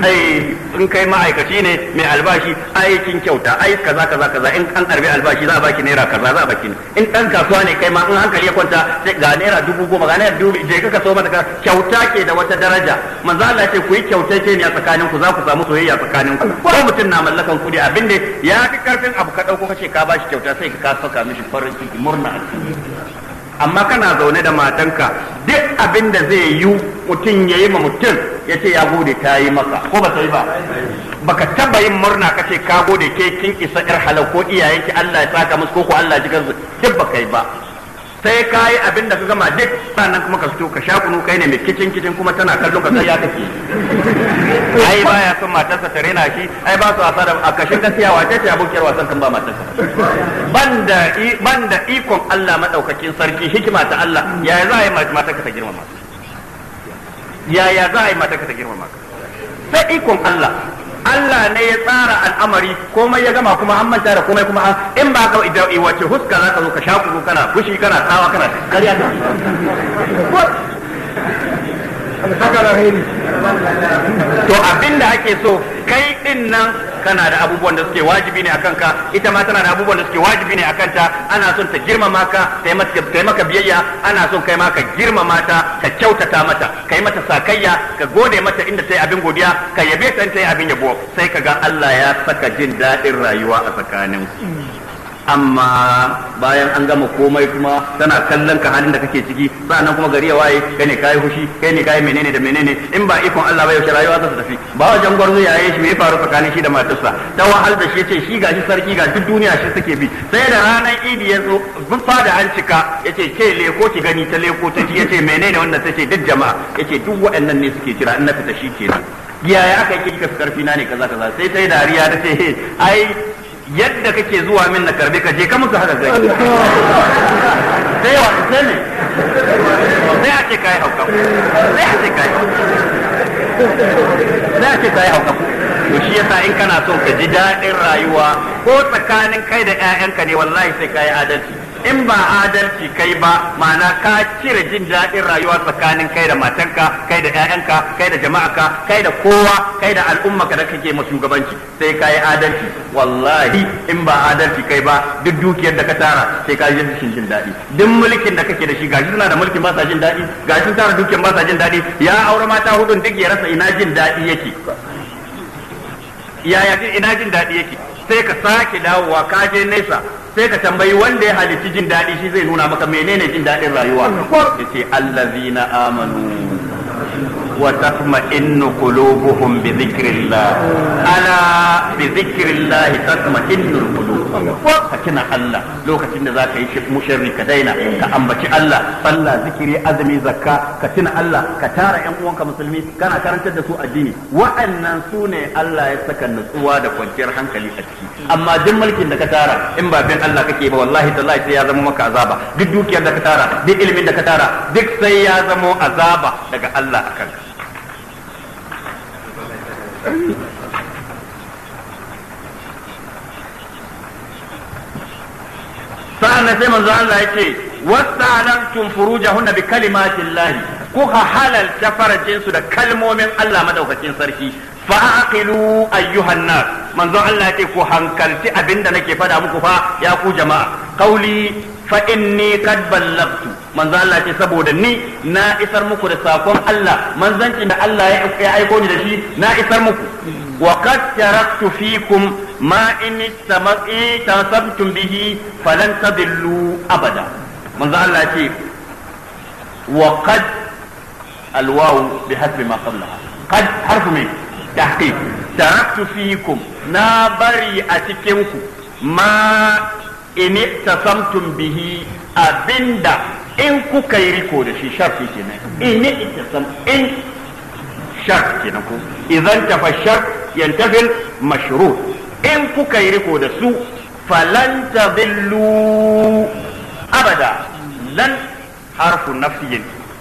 ai in kai ma'aikaci ne mai albashi aikin kyauta ai kaza kaza kaza in an karbi albashi za a baki naira kaza za a baki in dan kasuwa ne kai ma in hankali ya kwanta sai ga naira dubu goma ga naira dubu je ka so mata ka kyauta ke da wata daraja manzo Allah ce ku yi kyauta ke ne a tsakanin ku za ku samu soyayya tsakanin ku ko mutum na mallakan kudi abin da ya fi karfin abu ka dauko kace ka bashi kyauta sai ka saka mishi farin ciki murna amma kana zaune da matanka duk abin da zai yi mutum ya yi ma mutum ya ce ya gode ta yi masa ko ba ta yi ba baka taba yin murna ka ce ka gode ke kin isa yar halau ko iyayenki Allah ya saka musu ko ko Allah ya ji kansu duk baka yi ba sai ka yi abin da ka gama duk sannan kuma ka fito ka sha kunu kai ne mai kicin kicin kuma tana kallon ka sai ya kake ai ya son matarsa ta rena shi ai ba su a sada a kashin gaskiya wace ce abokiyar wasan kan ba matarsa banda banda ikon Allah madaukakin sarki hikima ta Allah ya za a yi matarka ta girmama yaya za a yi matarka ta girmama sai ikon Allah Allah ne ya tsara al'amari komai ya gama kuma an manta da komai kuma in ba ka da eh, wace huska za ka zo ka sha kuku kana fushi kana tsawa kana ƙarya ta to abinda ake so kai din nan kana da abubuwan da suke wajibi ne akan ka ita ma tana da abubuwan da suke wajibi ne akan ta ana son ta girmama ka kai maka biyayya ana son kai ma ka girmama ka kyautata mata ka yi mata sakayya ka gode mata inda ta yi abin godiya ka yabe ta ta yi abin yabo sai ka ga Allah ya saka jin daɗin rayuwa a tsakaninku amma bayan an gama komai kuma tana kallon ka halin da kake ciki sa'annan kuma gari ya waye kai ne kai hushi kai ne kai menene da menene in ba ikon Allah ba yaushe rayuwa za ta tafi ba wajen gwarzo yaye shi me faru tsakanin shi da matarsa ta wahal da shi yace shi gashi sarki ga duk duniya shi suke bi sai da ranar idi ya zo buffa da an yace ke leko ki gani ta leko ta yace menene wannan tace duk jama'a yace duk waɗannan ne suke kira in na fita shi kenan yaya aka yi kika karfi na ne kaza kaza sai ta yi dariya ta ce ai yadda kake zuwa min na karbe ka je ka musu haka gani sai sai a ce kai hauka sai a to shi yasa in kana son ka ji daɗin rayuwa ko tsakanin kai da 'ya'yanka ne wallahi sai kai adalci in ba adalci kai ba ma'ana ka cire jin daɗin rayuwa tsakanin kai da matanka kai da ƴaƴanka kai da jama'aka kai da kowa kai da al'umma ka da kake ma shugabanci sai ka yi adalci wallahi in ba adalci kai ba duk dukiyar da ka tara sai ka yi jin daɗi duk mulkin da kake da shi gashi suna da mulkin ba sa jin daɗi gashi tara dukiyar ba sa jin daɗi ya aure mata hudun duk ya rasa ina jin daɗi yake yaya ina jin daɗi yake sai ka sake dawowa ka je nesa sai ka tambayi wanda ya halitti jin daɗi shi zai nuna maka menene jin daɗin rayuwa yace allazina amanu وتطمئن قلوبهم بذكر الله ألا بذكر الله تطمئن القلوب فكنا الله لو كتن ذاك يشف مشري ka كأنبت الله صلى ذكري أزمي زكاة كتن الله كتار ينقوانك مسلمين كان كان تدسو أديني وأن سوني الله يسكن نسوا دا kwanciyar hankali a ciki amma duk mulkin da ka tara in ba bin Allah kake ba wallahi tallahi sai ya zama maka azaba duk dukiyar da ka tara duk ilimin da ka tara duk sai ya zama azaba daga Allah a ka sa'an sai manzo Allah yake wasalantum furujahunna bi kalimatillahi kuka halalta jinsu da kalmomin Allah madaukakin sarki fa'aqilu ayyuhan nas manzo Allah yake ku hankalci abinda nake fada muku fa ya ku jama'a qauli fa inni qad ballagtu manzo Allah ce saboda ni na isar muku da sakon Allah manzancin da Allah ya aiko ni da shi na isar muku wa qad taraktu fikum ma in tasabtum bihi falan tadillu abada manzo Allah ce wa qad alwaw bi hasbi ma qablaha qad harfu min tahqiq taraktu fikum na bari a cikin ku ma in tasamtum bihi abinda ان كو كيري كوري في شرط ان اتصم ان شرط كنا اذا انتفى الشرط ينتفل المشروط ان كو كيري كوري سو فلن تضلوا ابدا لن حرف نفي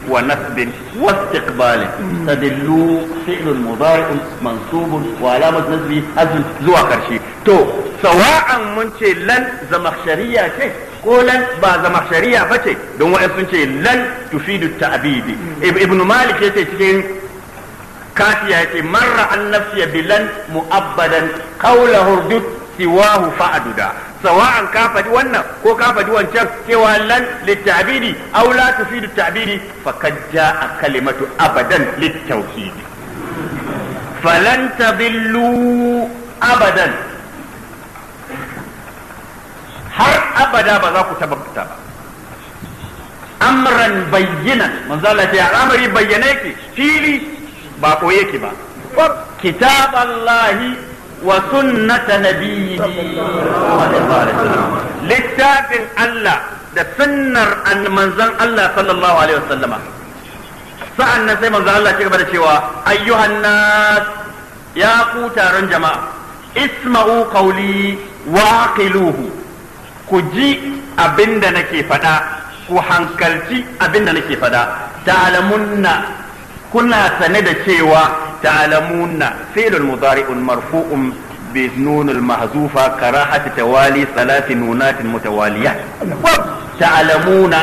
ونسب واستقبال تدلو فعل مضارع منصوب وعلامة نسبه أزل زوا كرشي تو سواء منشي لن زمخشرية شيء ko lan ba zama shari'a ba ce don wa'in sun ce lan tufidu ta'abidi ibn malik ya ce cikin kafiya ya ce marra an nafsiya bilan mu'abbadan qawla hurdu siwahu fa'aduda sawa'an ka faɗi wannan ko ka faɗi wancan cewa lan litta'bidi aula la tufidu taabidi fakad ja'a kalimatu abadan littawhid falan tadillu abadan har abada ba za ku taba fita ba amran bayyinan manzo Allah ya al'amari bayyana yake fili ba koye yake ba kitab Allah wa sunnata nabiyyi littafin Allah da sunnar manzan Allah sallallahu alaihi wasallama sa'an nan sai manzan Allah ya gaba da cewa ayyuhan nas ya ku taron jama'a isma'u qawli wa aqiluhu ku ji abin da nake faɗa ku hankalci abin da nake faɗa ta'lamunna kuna sane da cewa ta'lamunna fi'lul mudari'un marfu'un bi nunul mahzufa karahati tawali salati nunatin mutawaliyat ta'lamuna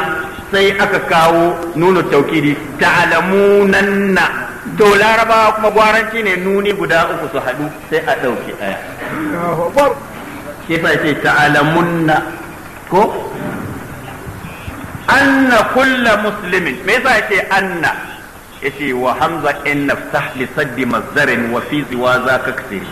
sai aka kawo nunu taukidi ta'lamunanna to laraba kuma gwaranci ne nuni guda uku su haɗu sai a ɗauki ɗaya shi yasa yace ta'alamunna ko anna kulla muslimin me yasa yace anna yace wa hamza in naftah li saddi mazdarin wa fi ziwa za ka kasiri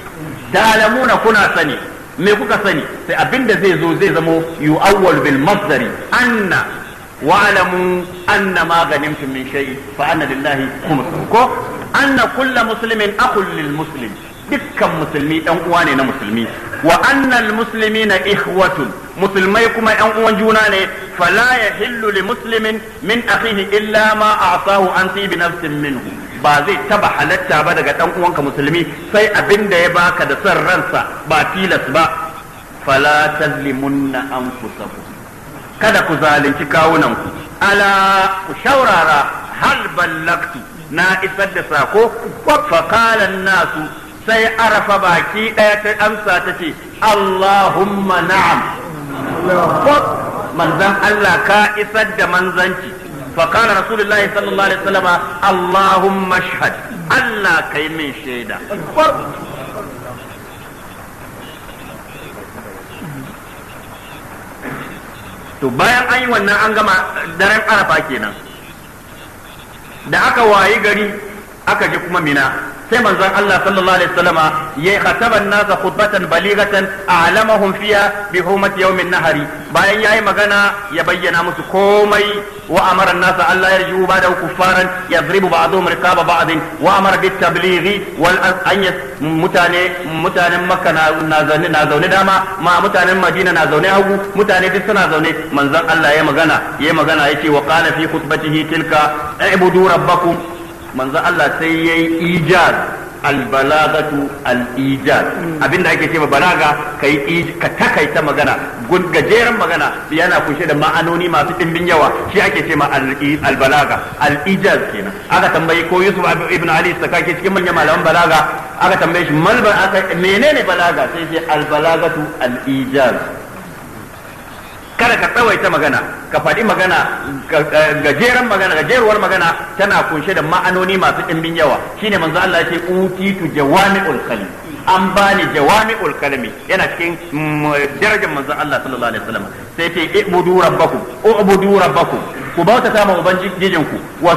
ta'alamuna kuna sani me kuka sani sai abinda zai zo zai zamo yu'awwal bil masdari anna Wa wa'lamu anna ma ghanimtum min shay fa anna lillahi khumsuhu ko anna kulla muslimin akhul lil muslim dukkan musulmi dan uwa ne na musulmi wa annal na ihwatu musulmai kuma yan uwan juna ne fala ya hillu li muslimin min akhihi illa ma asahu an fi bi nafsin minhu ba zai taba halatta ba daga dan uwanka musulmi sai abin da ya baka da san ransa ba tilas ba fala tazlimunna anfusakum kada ku zalunci kawunanku ala ku shaurara hal ballaktu na isar da sako fa qala nasu sai arafa baki ɗaya ta amsa ta ce Allahumma na'am manzan Allah ka isar da manzanci فقال رسول sallallahu alaihi الله عليه allahumma اللهم اشهد الله كي to bayan an yi wannan an gama daren arafa kenan da aka wayi gari aka ji kuma mina sai manzon Allah sallallahu alaihi wasallam yayi khataban nasa khutbatan balighatan a'lamahum fiha bi humat yawmin nahari bayan yayi magana ya bayyana musu komai wa amara nasa Allah yarju ba da kuffaran yadribu ba'dhum rikaba ba'dhin wa amara bit tablighi wal an mutane mutanen Makka na zaune na zaune dama ma mutanen Madina na zaune hagu mutane duk suna zaune manzon Allah yayi magana yayi magana yace wa qala fi khutbatihi tilka a'budu rabbakum manzo Allah sai yayi ijaz albalagatu al-ijaz abinda ake cewa balaga kai ka takaita magana gajeren magana yana kushe da ma'anoni masu dimbin yawa shi ake cewa albalaga al-ijaz kenan aka tambayi ko Yusuf ibn Ali saka ke cikin manyan malaman balaga aka tambaye shi malban aka menene balaga sai ce albalagatu al-ijaz kada ka tsawaita magana ka faɗi magana gajeren magana gajeruwar magana tana kunshe da ma'anoni masu ɗimbin yawa shine manzo Allah yake utitu jawami'ul kalim an bani jawami'ul kalimi yana cikin mm, darajar manzo Allah sallallahu alaihi wasallam sai yake ibudu rabbakum ubudu rabbakum ku bauta ta ma ubangijinku wa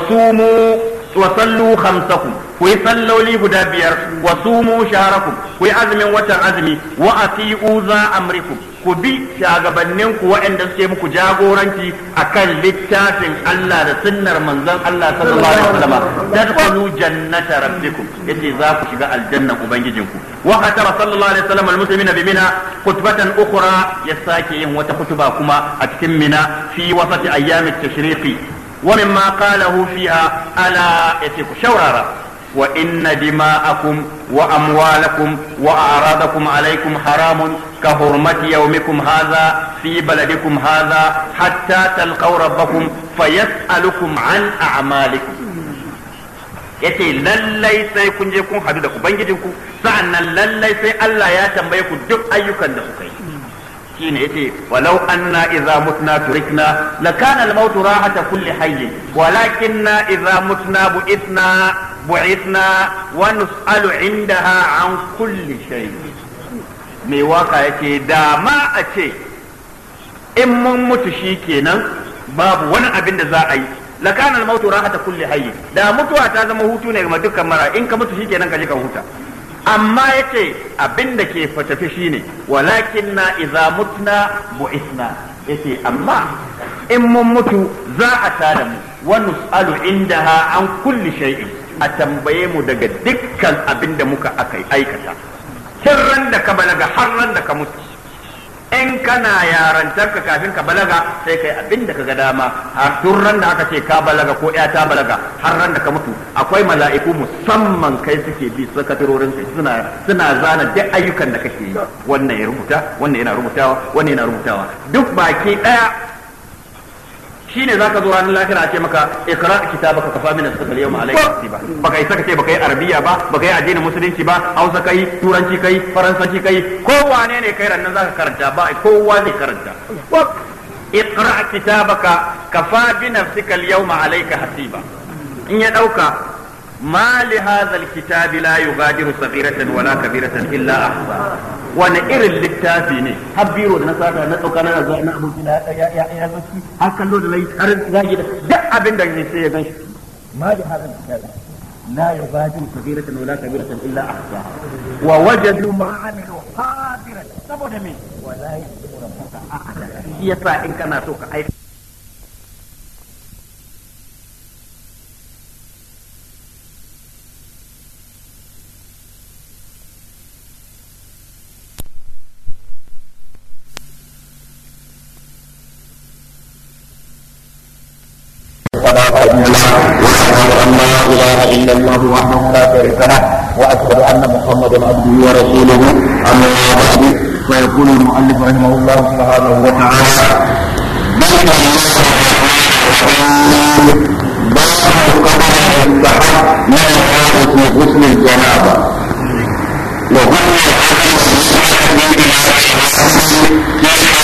wa sallu khamsakum ku yi salloli guda biyar wa sumu shaharakum ku yi azumin watan azumi wa atiu za amrikum ku bi shagabanninku waɗanda suke muku jagoranci akan littafin Allah da sunnar manzon Allah sallallahu alaihi wasallam tadkhulu jannata rabbikum yace za ku shiga aljanna ubangijinku wa khatara sallallahu alaihi wasallam almuslimina bi mina khutbatan ukhra ya sake yin wata kutuba kuma a cikin mina fi wasati ayyamit tashriqi wa mimma qalahu fiha ala yace ku shaurara وإن دماءكم وأموالكم وأعراضكم عليكم حرام كحرمة يومكم هذا في بلدكم هذا حتى تلقوا ربكم فيسألكم عن أعمالكم yace lallai sai kun je kun hadu da ubangijinku sa'annan lallai sai Allah ya tambaye ku duk ayyukan da kuka yi sarki ne yace walau anna idza mutna turikna lakana al-maut rahata kulli hayy walakinna idza mutna bu'ithna bu'ithna wa nus'alu 'indaha an kulli shay me waka yake da ma a ce in mun mutu shi kenan babu wani abin da za a yi lakana al-maut rahata kulli hayy da mutuwa ta zama hutu ne ga dukkan mara in ka mutu shi kenan ka je ka huta amma yace abin da ke fatafi shine walakin na idza mutna isna, yace amma in mun mutu za a tada mu wa nus'alu ha an kulli shay'in a tambaye mu daga dukkan abin da muka aikata kin ran da ka balaga har ran da ka mutu in kana yarantarka kafin ka balaga sai kai abin da kaga dama har tun ran da aka ce ka balaga ko ya ta balaga har ran da ka mutu akwai mala'iku musamman kai suke bi sakatarorin kai suna suna zana duk ayyukan da kake yi wannan ya rubuta wannan yana rubutawa wannan yana rubutawa duk baki daya shine zaka zo ranar lahira a ce maka ikra kitabaka kafa min as-sakal yawma alayka hasiba baka isa ka ce baka yi arabiya ba baka yi addinin musulunci ba hausa kai turanci kai faransanci kai ko wane ne kai ranar zaka karanta ba kowa karanta ikra kitabaka kafa bi nafsika al-yawma alayka hasiba in ya dauka ما لهذا الكتاب لا يغادر صغيرة ولا كبيرة إلا أحصى وانا إر اللتافي ني حبيرو دنا سادا نتوكا انا زي نعبو سينا يا يا يا يا هكا لو دلي تارن زاجي دا أبن دك نسي يبنش ما لهذا الكتاب لا يغادر صغيرة ولا كبيرة إلا أحصى ووجدوا ما عملوا حاضرا سبو دمين ولا يغادر أحصى يسا إن كان نتوكا أي الله وحده لا شريك له واشهد ان محمدا عبده ورسوله اما بعد فيقول المؤلف رحمه الله سبحانه وتعالى بسم الله في الجنابه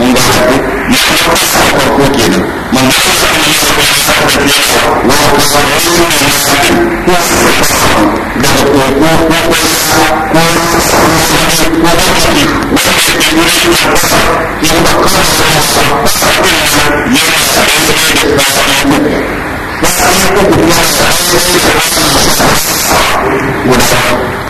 mun ga ku na farko farko kenan man da ya san ya san ya san da ya san wa ku san ya san ya san ku san ya san da ku ku ku ku ku ku ku ku ku Thank you.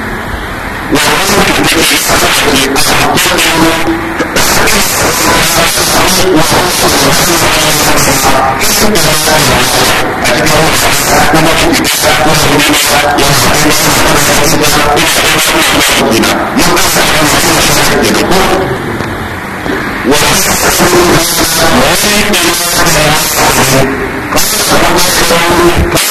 وممكن يستخدم التقدم Thank you.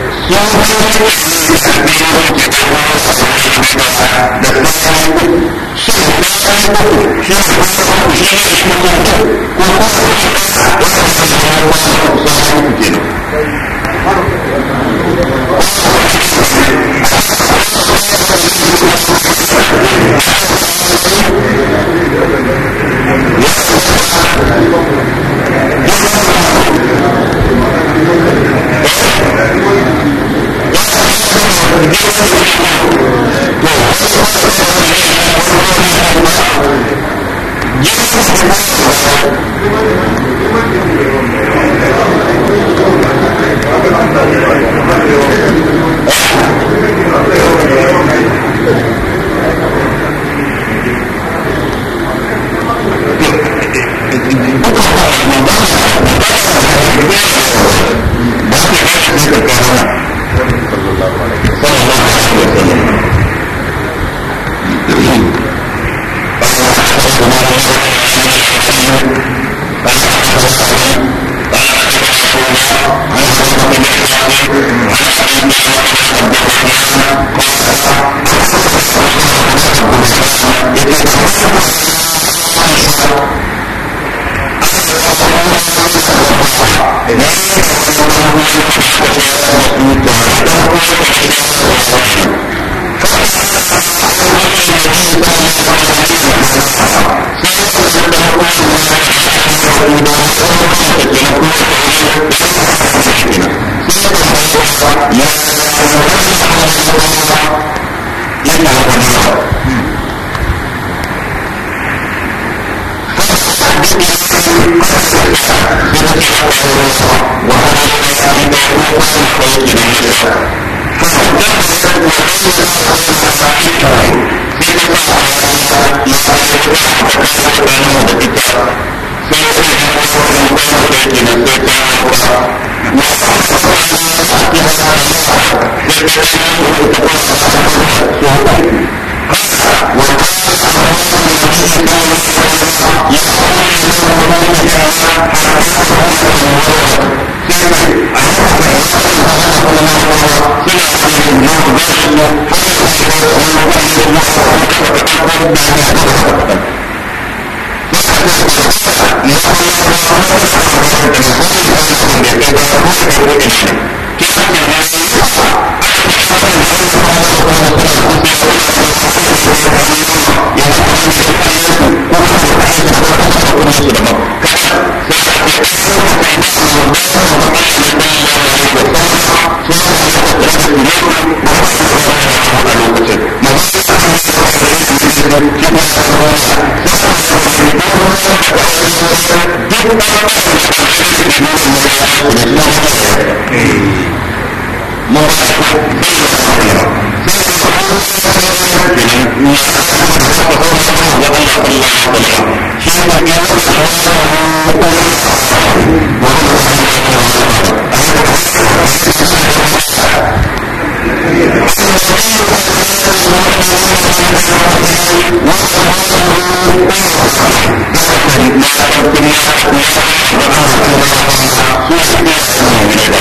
não Thank you.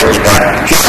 Thank you.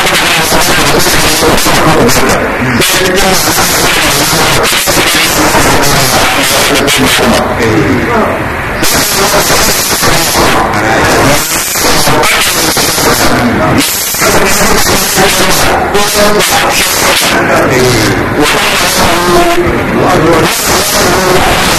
我他妈！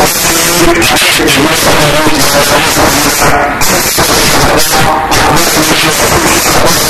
Thank you.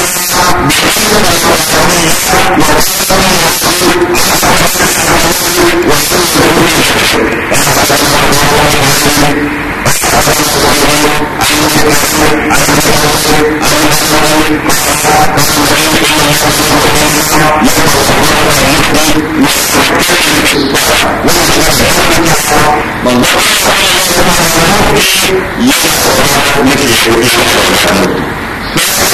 يحصل مثل الشيء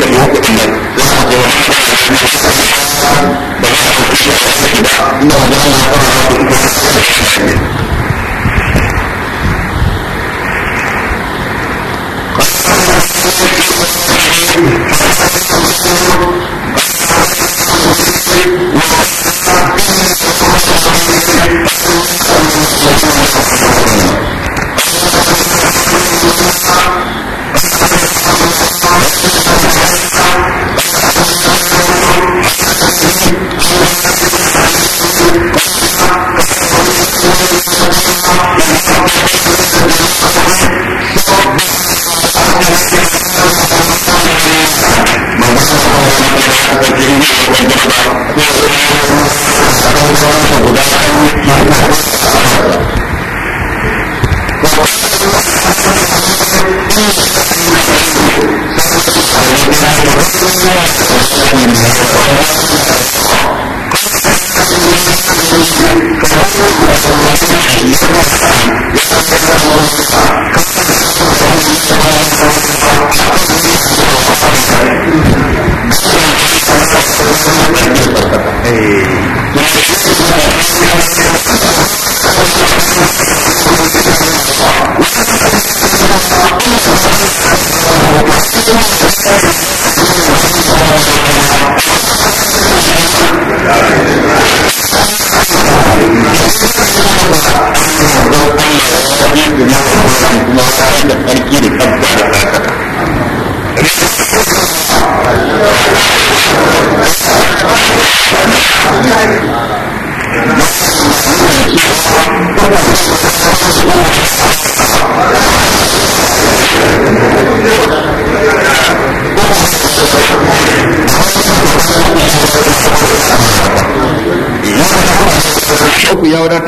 that you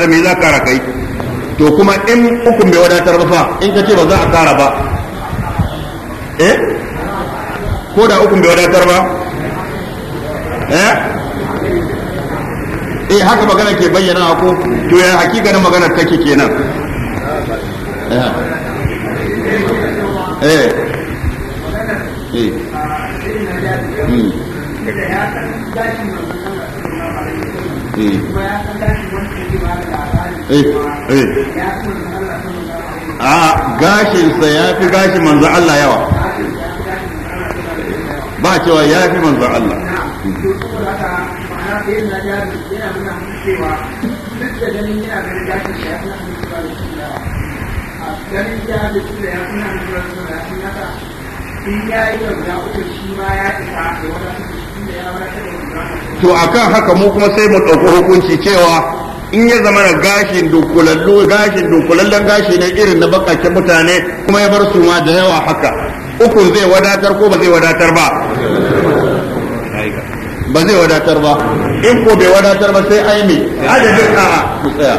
me za kara kai to kuma in uku bai wadatar ba fa in ka ce ba za a kara ba eh ko da uku bai wadatar ba eh eh haka magana ke bayyana ko to ya hakikanin magana take kenan eh eh eh hmm. Hmm. Eh, eh. a gashinsa ya fi gashin manzo Allah yawa ba cewa ya fi manzo Allah to akan haka mu kuma sai mu ɗauki hukunci cewa in ya zama na gashin dukulallu gashin dukulallan gashi ne irin na bakakken mutane kuma ya bar su ma da yawa haka uku zai wadatar ko ba zai wadatar ba ba zai wadatar ba in ko bai wadatar ba sai aimi adadin a'a ku tsaya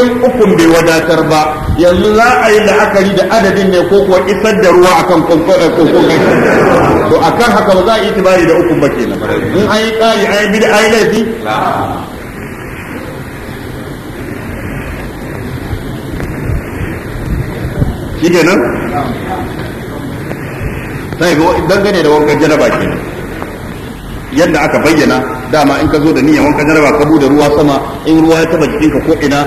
in ukun bai wadatar ba yanzu za a yi la'akari da adadin ne ko kuwa isar da ruwa akan kokon eh, to akan haka ba za a yi tibari da ukun ba kenan in an kari an yi bida laifi shi kenan sai ga dangane da wankan janaba ke yadda aka bayyana dama in ka zo da niyyar wankan janaba ka bude ruwa sama in ruwa ya taba jikinka ko ina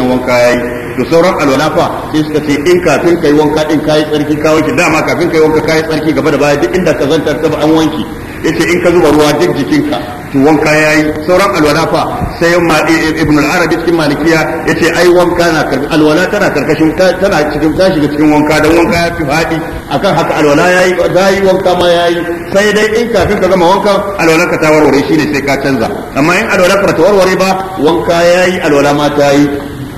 nan wanka yayi to sauran alwala fa sai suka ce in kafin kai wanka din kai tsarki ka wanke dama kafin kai wanka kai tsarki gaba da baya duk inda ka zantar ka an wanki yace in ka zuba ruwa duk jikinka to wanka yi sauran alwala fa sai eh, eh, ibn al-arabi cikin malikiya yace ai wanka na karbi alwala tana karkashin tana cikin ta shiga cikin wanka dan wanka ya fi fadi akan haka alwala ya yayi yi wanka ma ya yi sai dai in kafin ka gama wanka alwala ka ta warware shine sai ka canza amma in alwala ka ta warware ba wanka ya yi alwala ma ta yi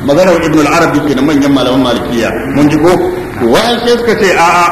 magana ibn al-arabi kenan manyan malaman malikiya mun ji ko wa'an sai suka ce a'a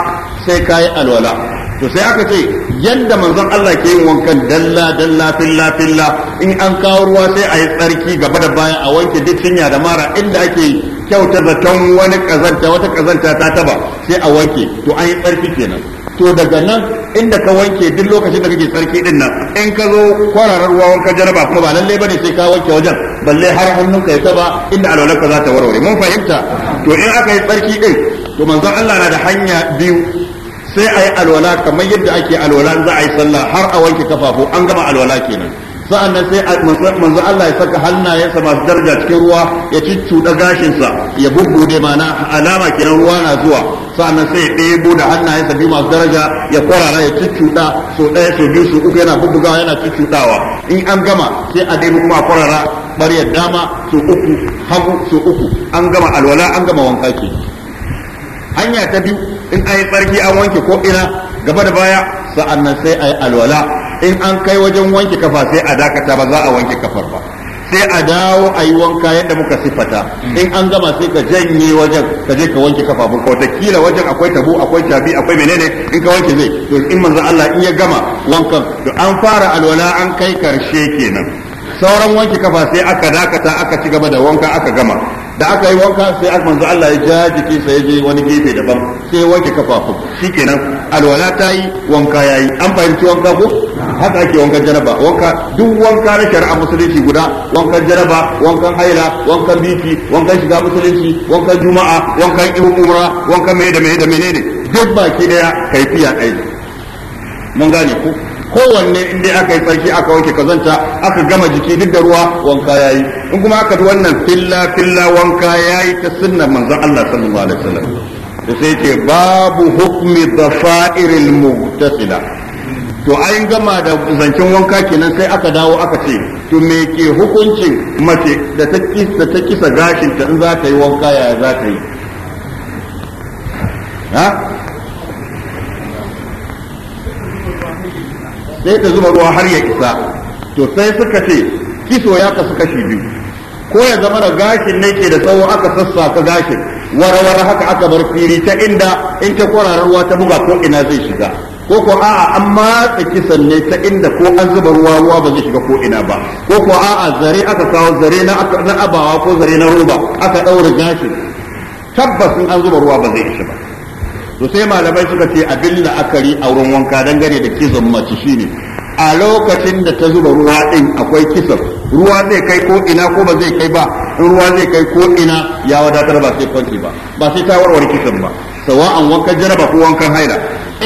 sai kai alwala to sai aka ce yadda manzon Allah ke yin wankan dalla dalla filla filla in an kawo ruwa sai a yi tsarki gaba da baya a wanke duk cinya da mara inda ake kyauta zaton wani kazanta wata kazanta ta taba sai a wanke to an yi tsarki kenan to daga nan inda ka wanke duk lokacin da kake tsarki din nan in ka zo kwararar ruwa wanka jaraba kuma ba lalle bane sai ka wanke wajen balle har hannunka ya taba inda alwalarka za ta warware mun fahimta to in aka yi tsarki din to manzon Allah na da hanya biyu sai a yi alwala kamar yadda ake alwala za a yi sallah har a wanke kafafu an gama alwala kenan sa'an nan sai manzo Allah ya saka hannayensa masu daraja cikin ruwa ya cuccuɗa gashinsa ya bubbude mana alama kenan ruwa na zuwa sa'an nan sai ya ɗebo da hannayensa biyu masu daraja ya kwarara ya cuccuɗa so ɗaya so biyu so uku yana bubbugawa yana cuccuɗawa in an gama sai a ɗebo kuma kwarara ɓaryar dama so uku hagu so uku an gama alwala an gama wanka kenan hanya ta biyu in an yi tsarki an wanke ko ina gaba da baya sa'an nan sai a yi alwala in an kai wajen wanke kafa sai a dakata ba za a wanke kafar ba sai a dawo a yi wanka yadda muka siffata in an gama sai ka janye wajen ka je ka wanke ko ta kila wajen akwai tabu akwai tabi akwai menene in ka wanke zai to in manzo Allah in ya gama wankan to an fara alwala an kai karshe kenan sauran wanke kafa sai aka dakata aka ci gaba da wanka aka gama da aka yi wanka sai aka manzo Allah ya ja jiki sai je wani gefe daban sai wanke kafafun shikenan alwala ta yi wanka yayi an fahimci wanka ko haka ake wankan janaba wanka duk wanka na shari'a musulunci guda wankan janaba wankan haila wankan biki wankan shiga musulunci wankan juma'a wankan umra wankan mai da mai da menene duk baki daya kaifiya ɗaya mun gane ko kowanne in dai aka yi tsarki aka wanke kazanta aka gama jiki duk da ruwa wanka yayi in kuma aka bi wannan filla filla wanka yayi ta sunnar manzon Allah sallallahu alaihi wasallam da sai ce babu hukmi dhafairil mubtasila to an gama da zancen wanka kenan sai aka dawo aka ce to me ke hukuncin mace da ta kisa ta kisa gashin ta in za ta yi wanka ya za ta yi ha sai ta zuba ruwa har ya isa to sai suka ce kiso ya kasu kashi biyu ko ya zama da gashin ne ke da tsawo aka sassa ka gashin warawara haka aka bar fili ta inda in ta kwararar ruwa ta buga ko ina zai shiga ko ko a'a an matsa kisan ne ta inda ko an zuba ruwa ruwa ba zai shiga ko ina ba ko ko a'a zare aka kawo zare na abawa ko zare na roba aka ɗaura gashin tabbas an zuba ruwa ba zai shiga. to sai malamai suka ce abin la'akari a wurin wanka dangane da kisan mace shine a lokacin da ta zuba ruwa din akwai kisan ruwa zai kai ko ina ko ba zai kai ba in ruwa zai kai ko ina ya wadatar ba sai kwanci ba ba sai ta warware kisan ba sawa'an wankan jaraba ko wankan haila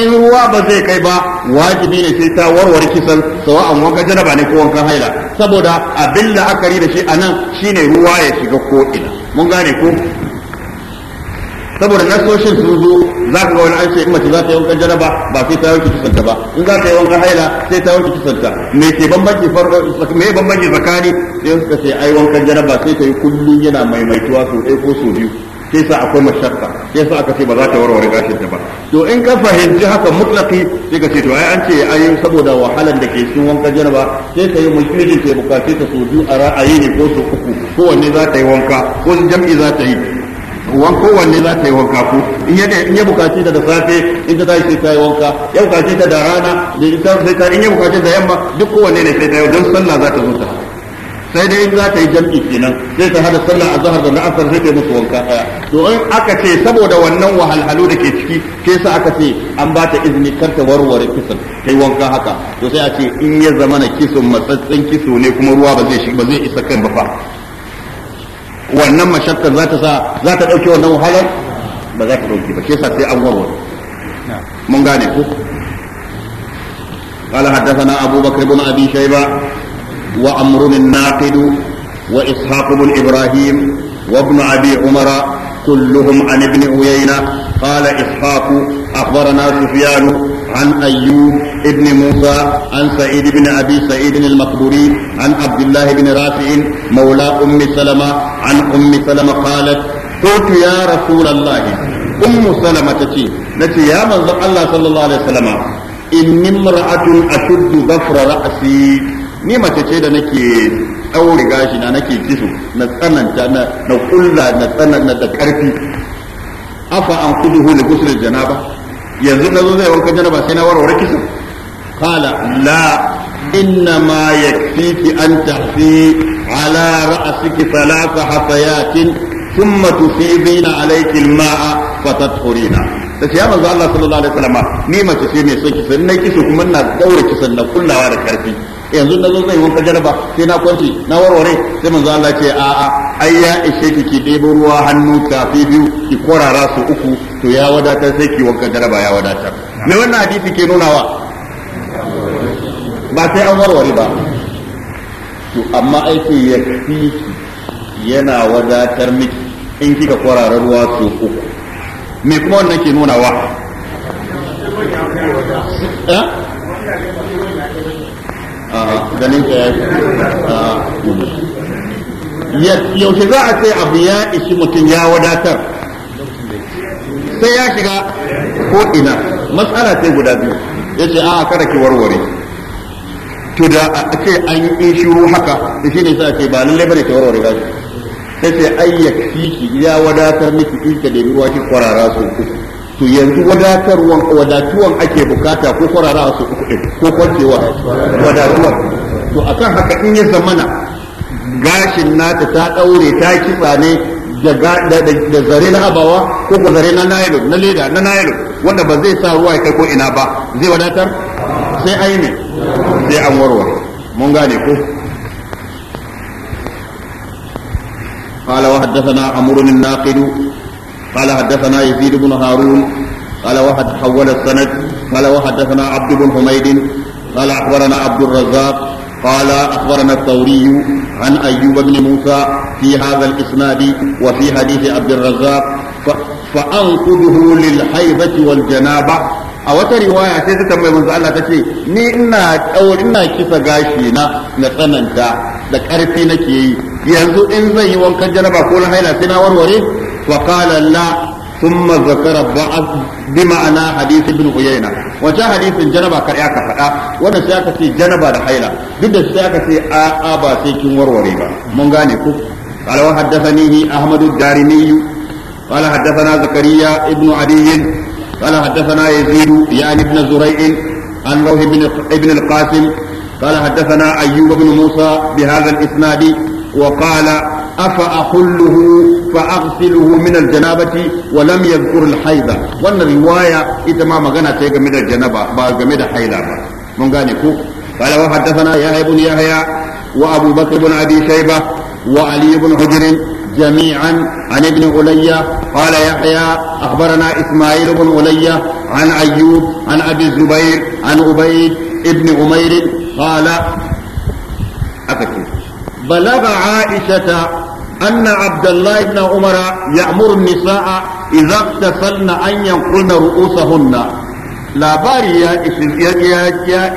in ruwa ba zai kai ba wajibi ne sai ta warware kisan sawa'an wankan jaraba ne ko wankan haila saboda abin la'akari da shi anan shine ruwa ya shiga ko ina mun gane ko saboda nasoshin sun zo za ka ga wani an ce in mace za ta yi wankan janaba ba sai ta wanke kisanta ba in za ta yi wanka haila sai ta wanke kisanta me ke bambanci farko me bambanci tsakani sai suka ce ai wankan janaba sai ta yi kullum yana maimaituwa sau ɗaya ko sau biyu sai sa akwai mashakka sai sa aka ce ba za ta warware gashin ta ba to in ka fahimci haka mutlaki sai ka ce to ai an ce ai saboda wahalan da ke cikin wankan janaba sai ka yi mushmiji ke bukace ta so biyu a ra'ayi ne ko sau uku ko wanne za ta yi wanka ko jam'i za ta yi wanko kowanne za ta yi wanka ko in ya in ya da safe in ta tashi ta yi wanka ya bukaci ta da rana da ita sai ta in ya bukaci da yamma duk kowanne ne sai ta yi don sallah za ta zo sai dai in za ta yi jam'i kenan sai ta hada sallah zahar da la'asar sai ta musu wanka daya to in aka ce saboda wannan wahalhalu da ke ciki ke sa aka ce an ba ta izini kar ta warware kisan kai wanka haka to sai a ce in ya zama na kisan matsatsen kiso ne kuma ruwa ba zai ba zai isa kai ba fa wannan mashakkar za ta sa za ta ɗauke wannan wahalar ba za ta ɗauke ba shi yasa sai an warware mun gane ko قال حدثنا أبو بكر بن أبي شيبة وأمر الناقد وإسحاق بن إبراهيم وابن أبي عمر كلهم عن ابن عيينة قال إسحاق أخبرنا سفيان عن أيوب ابن موسى عن سعيد بن أبي سعيد المقبوري عن عبد الله بن رافع مولى أم سلمة عن أم سلمة قالت قلت يا رسول الله أم سلمة تتي نتي يا من الله صلى الله عليه وسلم إني امرأة أشد ظفر رأسي ni mace ce da nake ɗaure gashi na nake kiso na tsananta na kulla na tsananta da ƙarfi afa an kuduhu li ghusl janaba yanzu na zo zai wanka janaba sai na warware kisan qala la inna ma yakfiki an tafi ala ra'siki thalatha hafayatin thumma tusibina alayki al-ma'a fatatahurina da ya manzo Allah sallallahu alaihi wasallam ni mace ce ne son kisan na kisu kuma na daura kisan na kullawa da karfi yanzu na zo zai wanka jaraba sai na kwanci na warware sai manzo Allah ce a a ai ya ishe ki ki debo ruwa hannu kafi biyu ki korara su uku to ya wadatar sai ki wanka jaraba ya wadatar me wannan hadisi ke nuna wa ba sai an warware ba to amma aiki ya fi yana wadatar miki in kika korara ruwa su uku me kuma wannan ke nuna wa eh? ganin ka ya yaushe za a sai abu ya ishi mutum ya wadatar sai ya shiga ko ina matsala sai guda biyu ya ce a kada ki warware to da a ce an yi shiru haka da shi ne sa ce ba lallai bane ki warware ba ta ce ayyak fiki ya wadatar miki in ka nemi ruwa ki kwarara su uku to yanzu wadatarwan wadatuwan ake bukata ko kwarara su uku ko kwancewa wadatuwan to akan haka in ya zamana gashin nata ta daure ta kitsa ne da zare na abawa ko ko zare na nylon na leda na nylon wanda ba zai sa ruwa ya kai ko ina ba zai wadatar sai ai sai an warwa mun gane ko قال وحدثنا عمرو الناقد قال حدثنا يزيد بن هارون قال وحد حول السند قال وحدثنا عبد بن حميد قال اخبرنا عبد الرزاق قال أخبرنا الثوري عن أيوب بن موسى في هذا الإسناد وفي حديث عبد الرزاق فأنقذه للحيبة والجنابة a wata riwaya sai suka mai manzo Allah ta ce ni ina kawar ina kisa gashi na na tsananta da ƙarfi nake yi yanzu in zan yi wankan jaraba ko na haila sai na warware wa qala la ثم ذكر بمعنى حديث ابن عيينة وجاء حديث جنبا كريا كفدا وانا سياكا سي جنبا دا حيلا ضد سياكا سي آبا سي كين وروري با من غاني كو قال وحدثنيه أحمد الدارمي قال حدثنا زكريا ابن عدي قال حدثنا يزيد يعني ابن زريع عن روح بن ابن القاسم قال حدثنا أيوب بن موسى بهذا الإسناد وقال أفأخله فأغسله من الجنابة ولم يذكر الحيضة وأن الرواية إتما مغنى تيغ من الجنابة باغ من الحيضة من قال قال وحدثنا يحيى بن يحيى وأبو بكر بن أبي شيبة وعلي بن حجر جميعا عن ابن علي قال يحيى أخبرنا إسماعيل بن علي عن أيوب عن أبي الزبير عن عبيد ابن عمير قال أكتب بلغ عائشة أن عبد الله بن عمر يأمر النساء إذا اغتسلن أن ينقلن رؤوسهن labari ya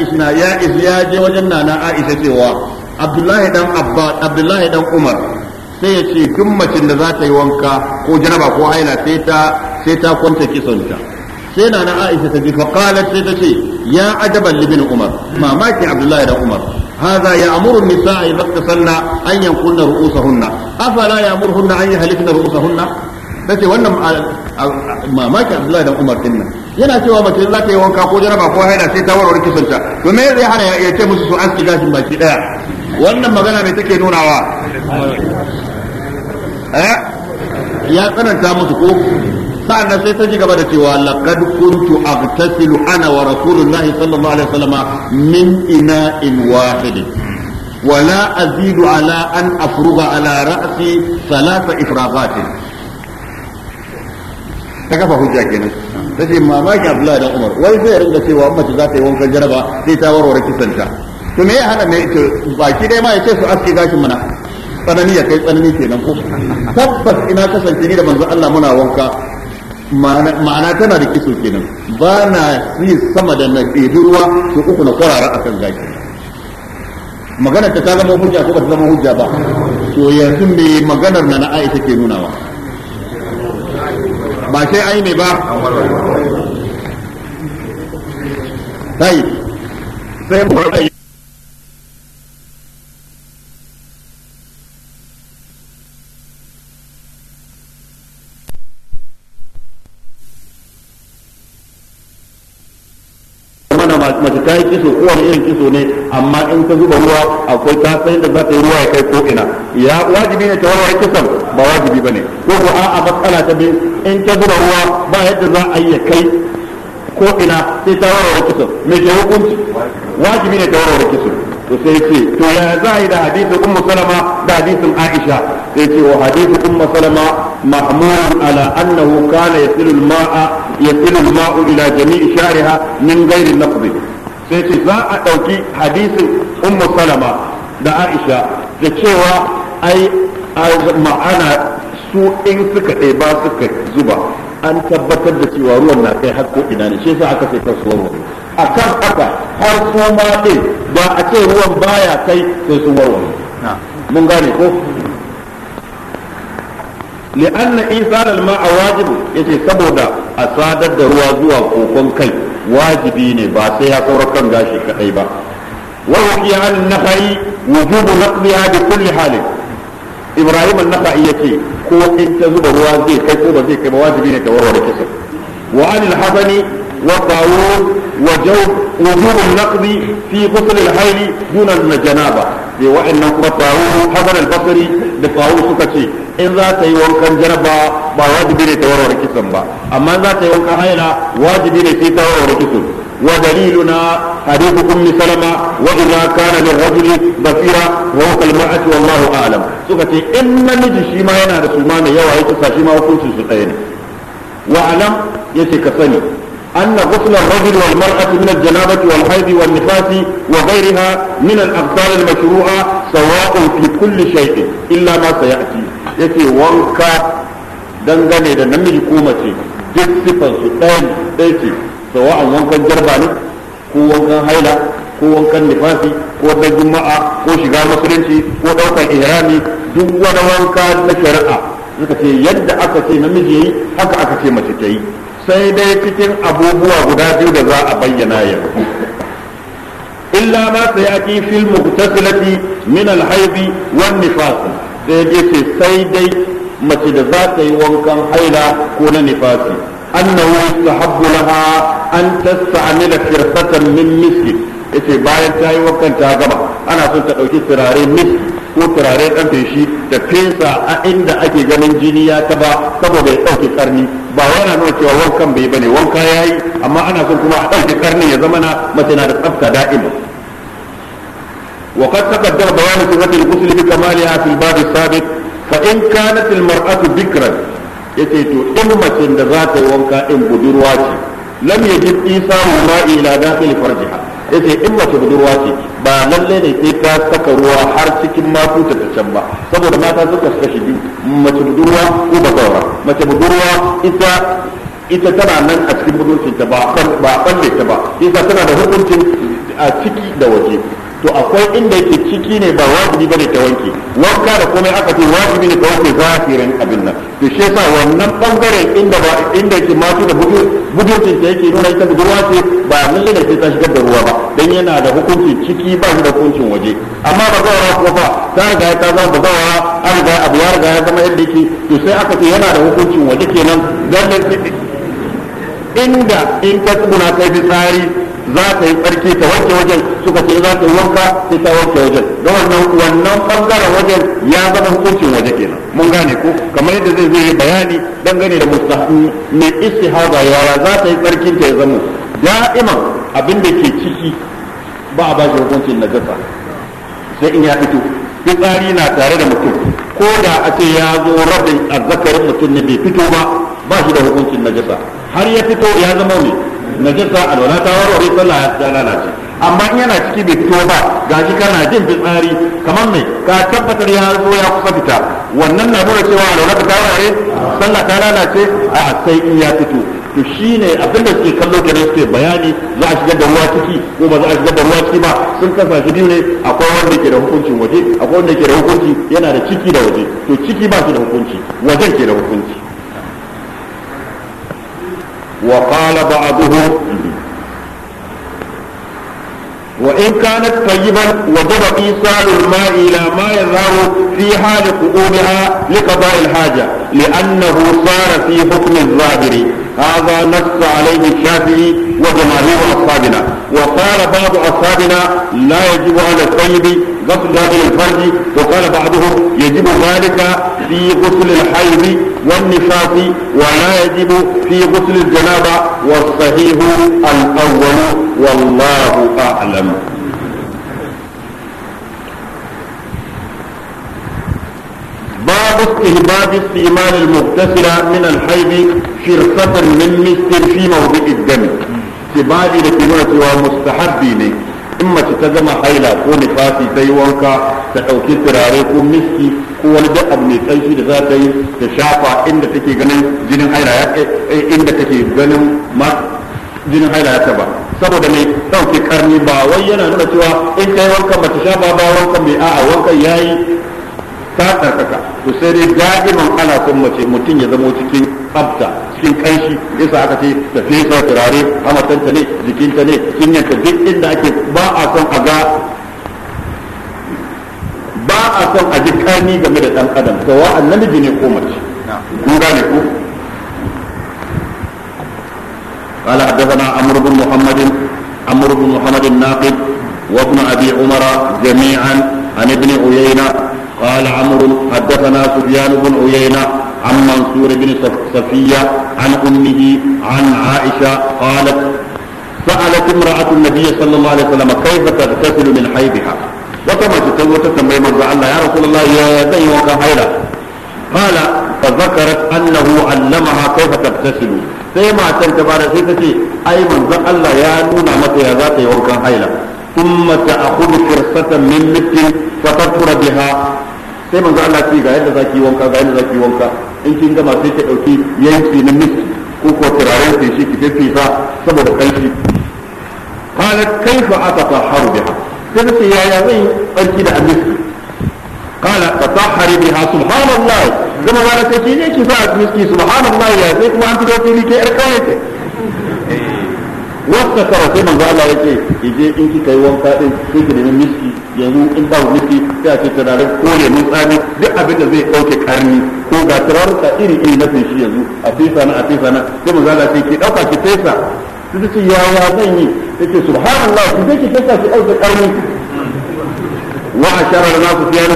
isna ya ya je wajen nana Aisha cewa Abdullahi dan Abba Abdullahi dan Umar sai ya ce duk macin da za yi wanka ko jaraba ko haila sai ta sai ta kwanta kisonta sai nana Aisha ta ji faqalat sai ta ce ya ajaban libin Umar mamaki Abdullahi dan Umar هذا يأمر النساء إذا اغتسلن أن ينقلن رؤوسهن afala ya'muruhunna an yahlikna ru'usahunna nace wannan mamaki Abdullahi dan Umar din yana cewa mace za ta yi wanka ko jaraba ko haida sai ta warware kisanta to domin zai hana ya ce musu su aski gashin baki daya wannan magana ne take nunawa eh ya tsananta musu ko sa'annan sai ta ji gaba da cewa laqad kuntu aghtasilu ana wa rasulullahi sallallahu alaihi wasallama min ina'in wahidin wala azidu ala an afruga ala ra'si salasa ifragatin ta kafa hujja kenan mamaki abdullahi dan umar wai zai ringa cewa mace za ta yi wankan jaraba sai ta warware kisanta to me ya hana me baki dai ma ya ce su aske gashin mana tsanani ya kai tsanani kenan ko tabbas ina kasance ni da manzo Allah muna wanka ma'ana tana da kitso kenan Bana na sama da na ɗebi ruwa to uku na kwarara akan gashi maganar ta zama hujja ko ba ta zama hujja ba to yanzu me maganar na na ake ke nunawa ba sai ai ne ba sai sai mace ta yi kiso kowane irin kiso ne amma in ta zuba ruwa akwai ta san da za ta yi ruwa ya kai ko ina ya wajibi ne ta warware kisan ba wajibi ba ne ko ko a'a matsala ta bi in ta zuba ruwa ba yadda za a yi ya kai ko ina sai ta warware kisan me ke hukunci wajibi ne ta warware kisan to sai ce to ya za a yi da hadisin ummu salama da hadisin aisha sai ce wa hadisin ummu salama محمول على أنه كان يصل الماء يصل الماء إلى جميع شعرها من غير نقض sai ce za a ɗauki hadisin ummu salama da aisha da cewa ai ma'ana su in suka ba suka zuba an tabbatar da cewa ruwan na kai har ko ina ne shi yasa aka sai kasuwar a kan haka har su ma ɗin ba a ce ruwan baya kai sai su warware mun gane ko لأن إيصال الماء واجب يجي سبودا أصادت دروا زوا كوكون كي واجبيني باسيها كوركم غاشي كأيبا وحكي عن النخعي وجوب نقضها بكل حال إبراهيم النخعي يجي كو إن تزوب روا زي كي كوبا زي كي واجبيني كورو لكسر وعن الحسن والطاعون وجوب وجوب النقض في غسل الحيل دون الجنابة وإن الطاعون حسن البصري لطاعون سكتي in za ta yi wankan jarabawa ba wajibi ne ta warware kitsan ba amma zata yi wanka haila wajibi ne sai ta warware kitsan wa daliluna hadithu kun misalama wa idza kana lil basira wa huwa al ma'at wallahu a'lam suka ce in namiji shi ma yana da suma ma mai yawa yake sashi ma hukunci su tsaye ne wa alam yace ka sani أن غسل الرجل والمرأة من الجنابة والحيض والنفاس وغيرها من الأغسال المشروعة سواء في كل شيء إلا ما سيأتي yake wanka dangane da namiji ko mace duk sifan su ɗayan ɗaya ce sawa'an wankan jarba ne ko wankan haila ko wankan nifasi ko na juma'a ko shiga musulunci ko ɗaukar ihrami duk wani wanka na shari'a suka ce yadda aka ce namiji yayi haka aka ce mace ta yi sai dai cikin abubuwa guda biyu da za a bayyana yanzu illa ma sayati fil muhtasilati min al-hayd wan nifasi sai ya ce sai dai mace da za ta yi wankan haila ko na nifasi annahu yustahabbu laha an tasta'mila firsatan min miski yace bayan ta yi wankan ta gama ana son ta dauki turare miski ko turare dan feshi da fesa a inda ake ganin jini ya taba saboda ya karni ba yana nuna cewa wankan bai bane wanka yayi amma ana son kuma a dauki karni ya zama na mace na da tsafta da'ima وقد تقدم بيان صفة الغسل بكمالها في الباب السابق فإن كانت المرأة بكرا يتيت إمة ذات وانكا إن بدرواتي لم يجد إيصال الماء إلى داخل فرجها yace in mace budurwa ce ba lalle ne sai ka saka ruwa har cikin mafuta ta can ba saboda mata suka kashi biyu mace budurwa ko bazawara mace budurwa ita ita tana nan a cikin budurcin ta ba ba ta ba tana da hukuncin a ciki da waje to akwai inda yake ciki ne ba wajibi bane ta wanke wanka da komai aka ce wajibi ne ta wanke zahirin abin nan to shi yasa wannan bangaren inda ba inda yake matu da budurcin da yake nuna ita budurwa ce ba lalle da ke ta shigar da ruwa ba dan yana da hukuncin ciki ba shi da hukuncin waje amma ba zawara ko fa ta riga ta za ba zawara an riga abu ya riga ya zama yadda yake to sai aka ce yana da hukuncin waje kenan dan inda in ka tsuna kai fitsari za ta yi tsarki ta wanke wajen suka ce za ta yi wanka sai ta wanke wajen don wannan wannan bangaren wajen ya zama hukuncin waje kenan mun gane ko kamar yadda zai zai bayani dangane da mustahabi mai istihaba yara za ta yi tsarkin ta ya zama da'iman abin da ke ciki ba a ba hukuncin na sai in ya fito fitsari na tare da mutum ko da a ce ya zo rabin azzakarin mutum ne bai fito ba ba shi da hukuncin najasa har ya fito ya zama ne a alwala ta warware sallah ya lalace amma in yana ciki bai fito ba ga shi kana jin fitsari kamar mai ka tabbatar ya zo ya kusa fita wannan na nuna cewa alwala ta warware sallah ta lalace a sai in ya fito to shine abin da suke kallo kenan suke bayani za a shigar da ruwa ciki ko ba za a shigar da ruwa ciki ba sun kasa shi biyu ne akwai wanda ke da hukuncin waje akwai wanda ke da hukunci yana da ciki da waje to ciki ba shi da hukunci wajen ke da hukunci وقال بعضهم وإن كانت طيبا وجب إيصال الماء إلى ما يظهر في حال قدومها لقضاء الحاجة لأنه صار في حكم الظاهر هذا نص عليه الشافعي وجماهير أصحابنا وقال بعض أصحابنا لا يجب على الطيب غسل هذا الفرج وقال بعضهم يجب ذلك في غسل الحيض والنفاس ولا يجب في غسل الجنابة والصحيح الأول والله أعلم باب استهباب استعمال المغتسلة من الحيض فرصة من مستر في موضع الدم استبابي لكي ومستحبي لك in mace ta zama haila ko nifasi ta yi wanka ta ɗauki turare ko miski ko wani duk abu mai tsanshi da za ta yi ta shafa inda take ganin jinin haila ya eh, inda take ganin jinin haila ya taba saboda mai ɗauki karni ba wai yana nuna cewa in kai wanka ba ta shafa ba wanka mai a'a ya yi ta tsarkaka to sai dai ga'iman ana son mace mutum ya zamo cikin tsafta cikin kanshi yasa aka ce ta fesa turare hamatanta ne jikinta ne cinyanta duk inda ake ba a son a ga ba a son a ji kani game da dan adam to sawa namiji ne ko mace kun gane ku قال حدثنا عمرو بن محمد عمرو بن محمد الناقد وابن ابي عمر جميعا عن ابن عيينه قال عمرو حدثنا سفيان بن عيينه عن منصور بن صفيه عن أمه عن عائشة قالت سألت امرأة النبي صلى الله عليه وسلم كيف تغتسل من حيضها وكما تتوت تنبي مرضى الله يا رسول الله يا زي وكهيرة قال فذكرت أنه علمها كيف تغتسل سيما تنتبار سيتتي أي من الله يا نونا متى يا ذاتي وكهيرة ثم تأخذ فرصة من مثل فتطر بها سيما الله تيجا يدى ذاكي وانكا ذاكي وانكا in kin gama sai ka dauki yanki na miski ko ko turaren sai shi ki fa saboda kanshi qala kaifa da ha sai ta yaya zai barki da miski ta haru da ha subhanallah zama ba sai ki ne ki fa miski subhanallah ya zai kuma an fito fili ke yar kawai wata kawo sai manzo Allah ya ce ije in kika yi wanka din sai ki nemi miski yanzu in ba miski sai a ce ko kore mun tsani duk abin da zai dauke karni ko ga ka iri iri na feshi yanzu a fesa na a fesa na sai manzo Allah ya ce ki dauka ki fesa sai ce ya ya zan yi yace subhanallah ki je ki fesa ki dauke karni wa ashara lana sufyan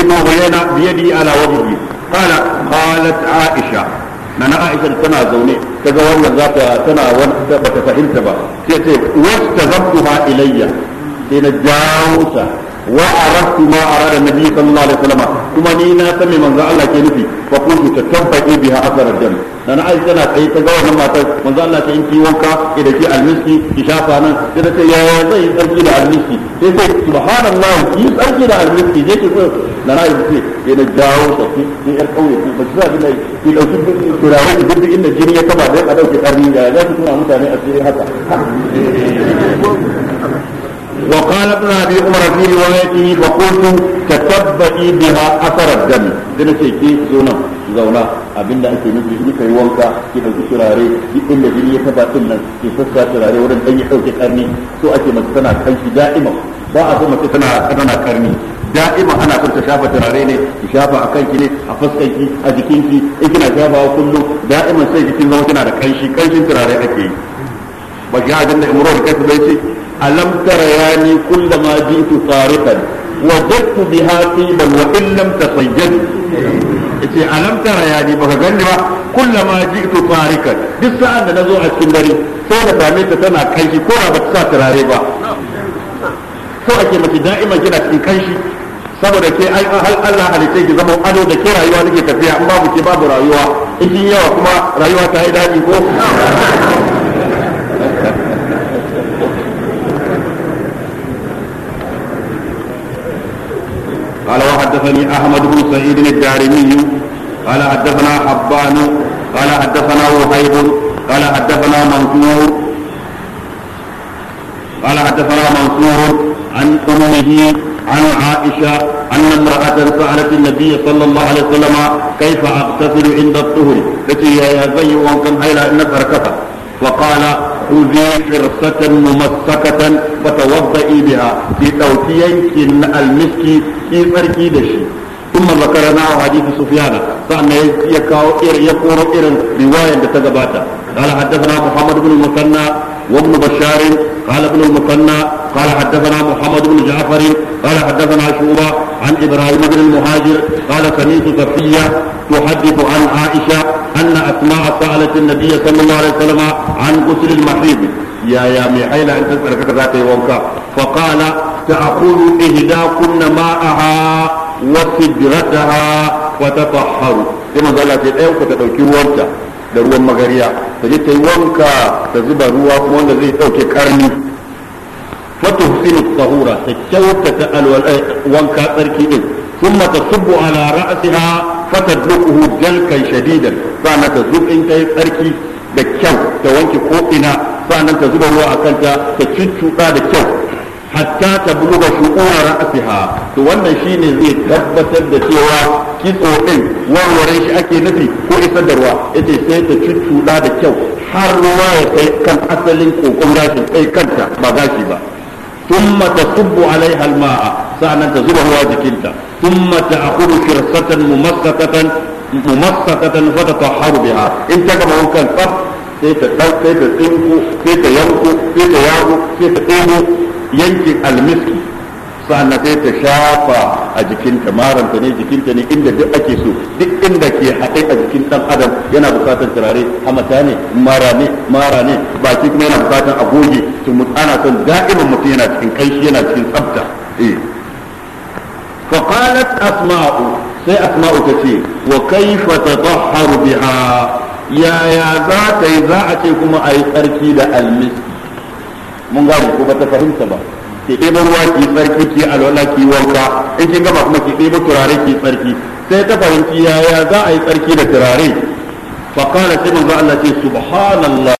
ibn uyayna biyadi ala wajhihi qala qalat aisha na na aisha tana zaune ta ga wannan za ta tana wani ba ta fahimta ba sai ce wasu ta zabtuha ilayya sai na jawo ta wa aradtu ma arada nabi sallallahu alaihi wasallam kuma ni na san me manzo Allah ke nufi fa kuntu tatabbai biha athar al-dam dan ai tana kai ta ga wannan matar manzo Allah ta in ki wanka ki dake almiski ki shafa nan sai ta ce ya zai tsarki da almiski sai sai subhanallah ki tsarki da almiski je ki so dan ai ce ya eh, da jawo ta ki ki yar kauye ki ba za bilai ki dauki turare ki duk inda jini ya kaba da a dauke karni ya za ki tura mutane a cikin haka وقال ابن ابي عمر في روايته فقلت تتبئي بها اثر الدم دنا كي زونا زونا abinda ake nufi shi kai wanka ki da turare duk inda jini ya taba din nan ki sassa turare wurin dan ya dauke karni so ake mace tana kanshi da'ima ba a so mace tana tana karni da'ima ana son ta shafa turare ne ki shafa a kanki ne a ki a jikin ki in kina shafa shafawa kullu da'ima sai jikin zama kina da kanshi kanshin turare ake yi ba ga hadin da imrul kasu bai ce alam tara yani kullama ji'tu tariqan dattu biha tiban wa in lam tasajjad yace alam tara yani baka gani ba kullama ji'tu tariqan duk sa'an da nazo a cikin dare sai da same ta tana kanshi ko ba ta sa turare ba ko ake maki da'ima kina cikin kanshi saboda ke ai hal Allah halice ki zama ado da ke rayuwa nake tafiya in babu ke babu rayuwa in yi yawa kuma rayuwa ta yi daɗi ko حدثني احمد بن سعيد الدارمي قال حدثنا حبان قال حدثنا وهيب قال حدثنا منصور قال حدثنا منصور عن امه عن عائشه ان امراه سالت النبي صلى الله عليه وسلم كيف اغتسل عند الطهر التي يا زي وان كان هيلا نفر فقال خذي فرصة ممسكة فتوضئي بها في توتيك المسك في فرقي دشي ثم ذكرنا حديث سفيان فأنا يكاو إر يقول إر رواية تجباتا قال حدثنا محمد بن المثنى وابن بشار قال ابن المثنى قال حدثنا محمد بن جعفر قال حدثنا شعبة عن إبراهيم بن المهاجر قال سميت صفية تحدث عن عائشة أن أسماء سألت النبي صلى الله عليه وسلم عن غسل المحيض يا يا ميحيل أنت تسألك كذاك يومك فقال تأخذ إهداكن ماءها وسدرتها وتطهر كما قال لك أيوة تدوكي وانكا دروا مغريا فجدت يومك je ta yi wanka ta وتحسن الطهورة تشوت وانكا تركي ثم تصب على رأسها فتدلقه جلكا شديدا فأنا تزوب انت تركي da kyau ta wanke ko'ina ina ta zuba ruwa a kanta ta cuccuɗa da kyau hatta ta buluga shu'ura ra'siha to wannan shine zai tabbatar da cewa kitso din warware shi ake nufi ko isa da ruwa yace ta cuccuɗa da kyau har ruwa ya kai kan asalin kokon rashin kai kanta ba gashi ba ثم تصب عليها الماء سعنا تزبه واجكلتا ثم تأخذ فرصة ممسكة ممسكة فتطهر بها انت كما هو كان صف كيف ta كيف sai كيف tsinko كيف ta كيف sai ta المسكي sa'annan sai ta shafa a jikinta maranta ne jikinta ne inda duk ake so duk inda ke haɗe a jikin ɗan adam yana bukatar turare hamata ne mara ne mara ne baki kuma yana bukatar agoge to ana son da'iman mutum yana cikin kanshi yana cikin tsafta eh fa qalat asma'u sai asma'u ta ce wa kaifa tatahharu biha yaya za ta yi za a ce kuma a yi tsarki da almiski mun gane ko ba ta fahimta ba ki ɗebo ruwa ke tsarki ke alwala ki wanka in kin gama kuma ki ɗebo turare ke tsarki sai ta fahimci yaya za a yi tsarki da turare fa kana sai manzo Allah ce subhanallah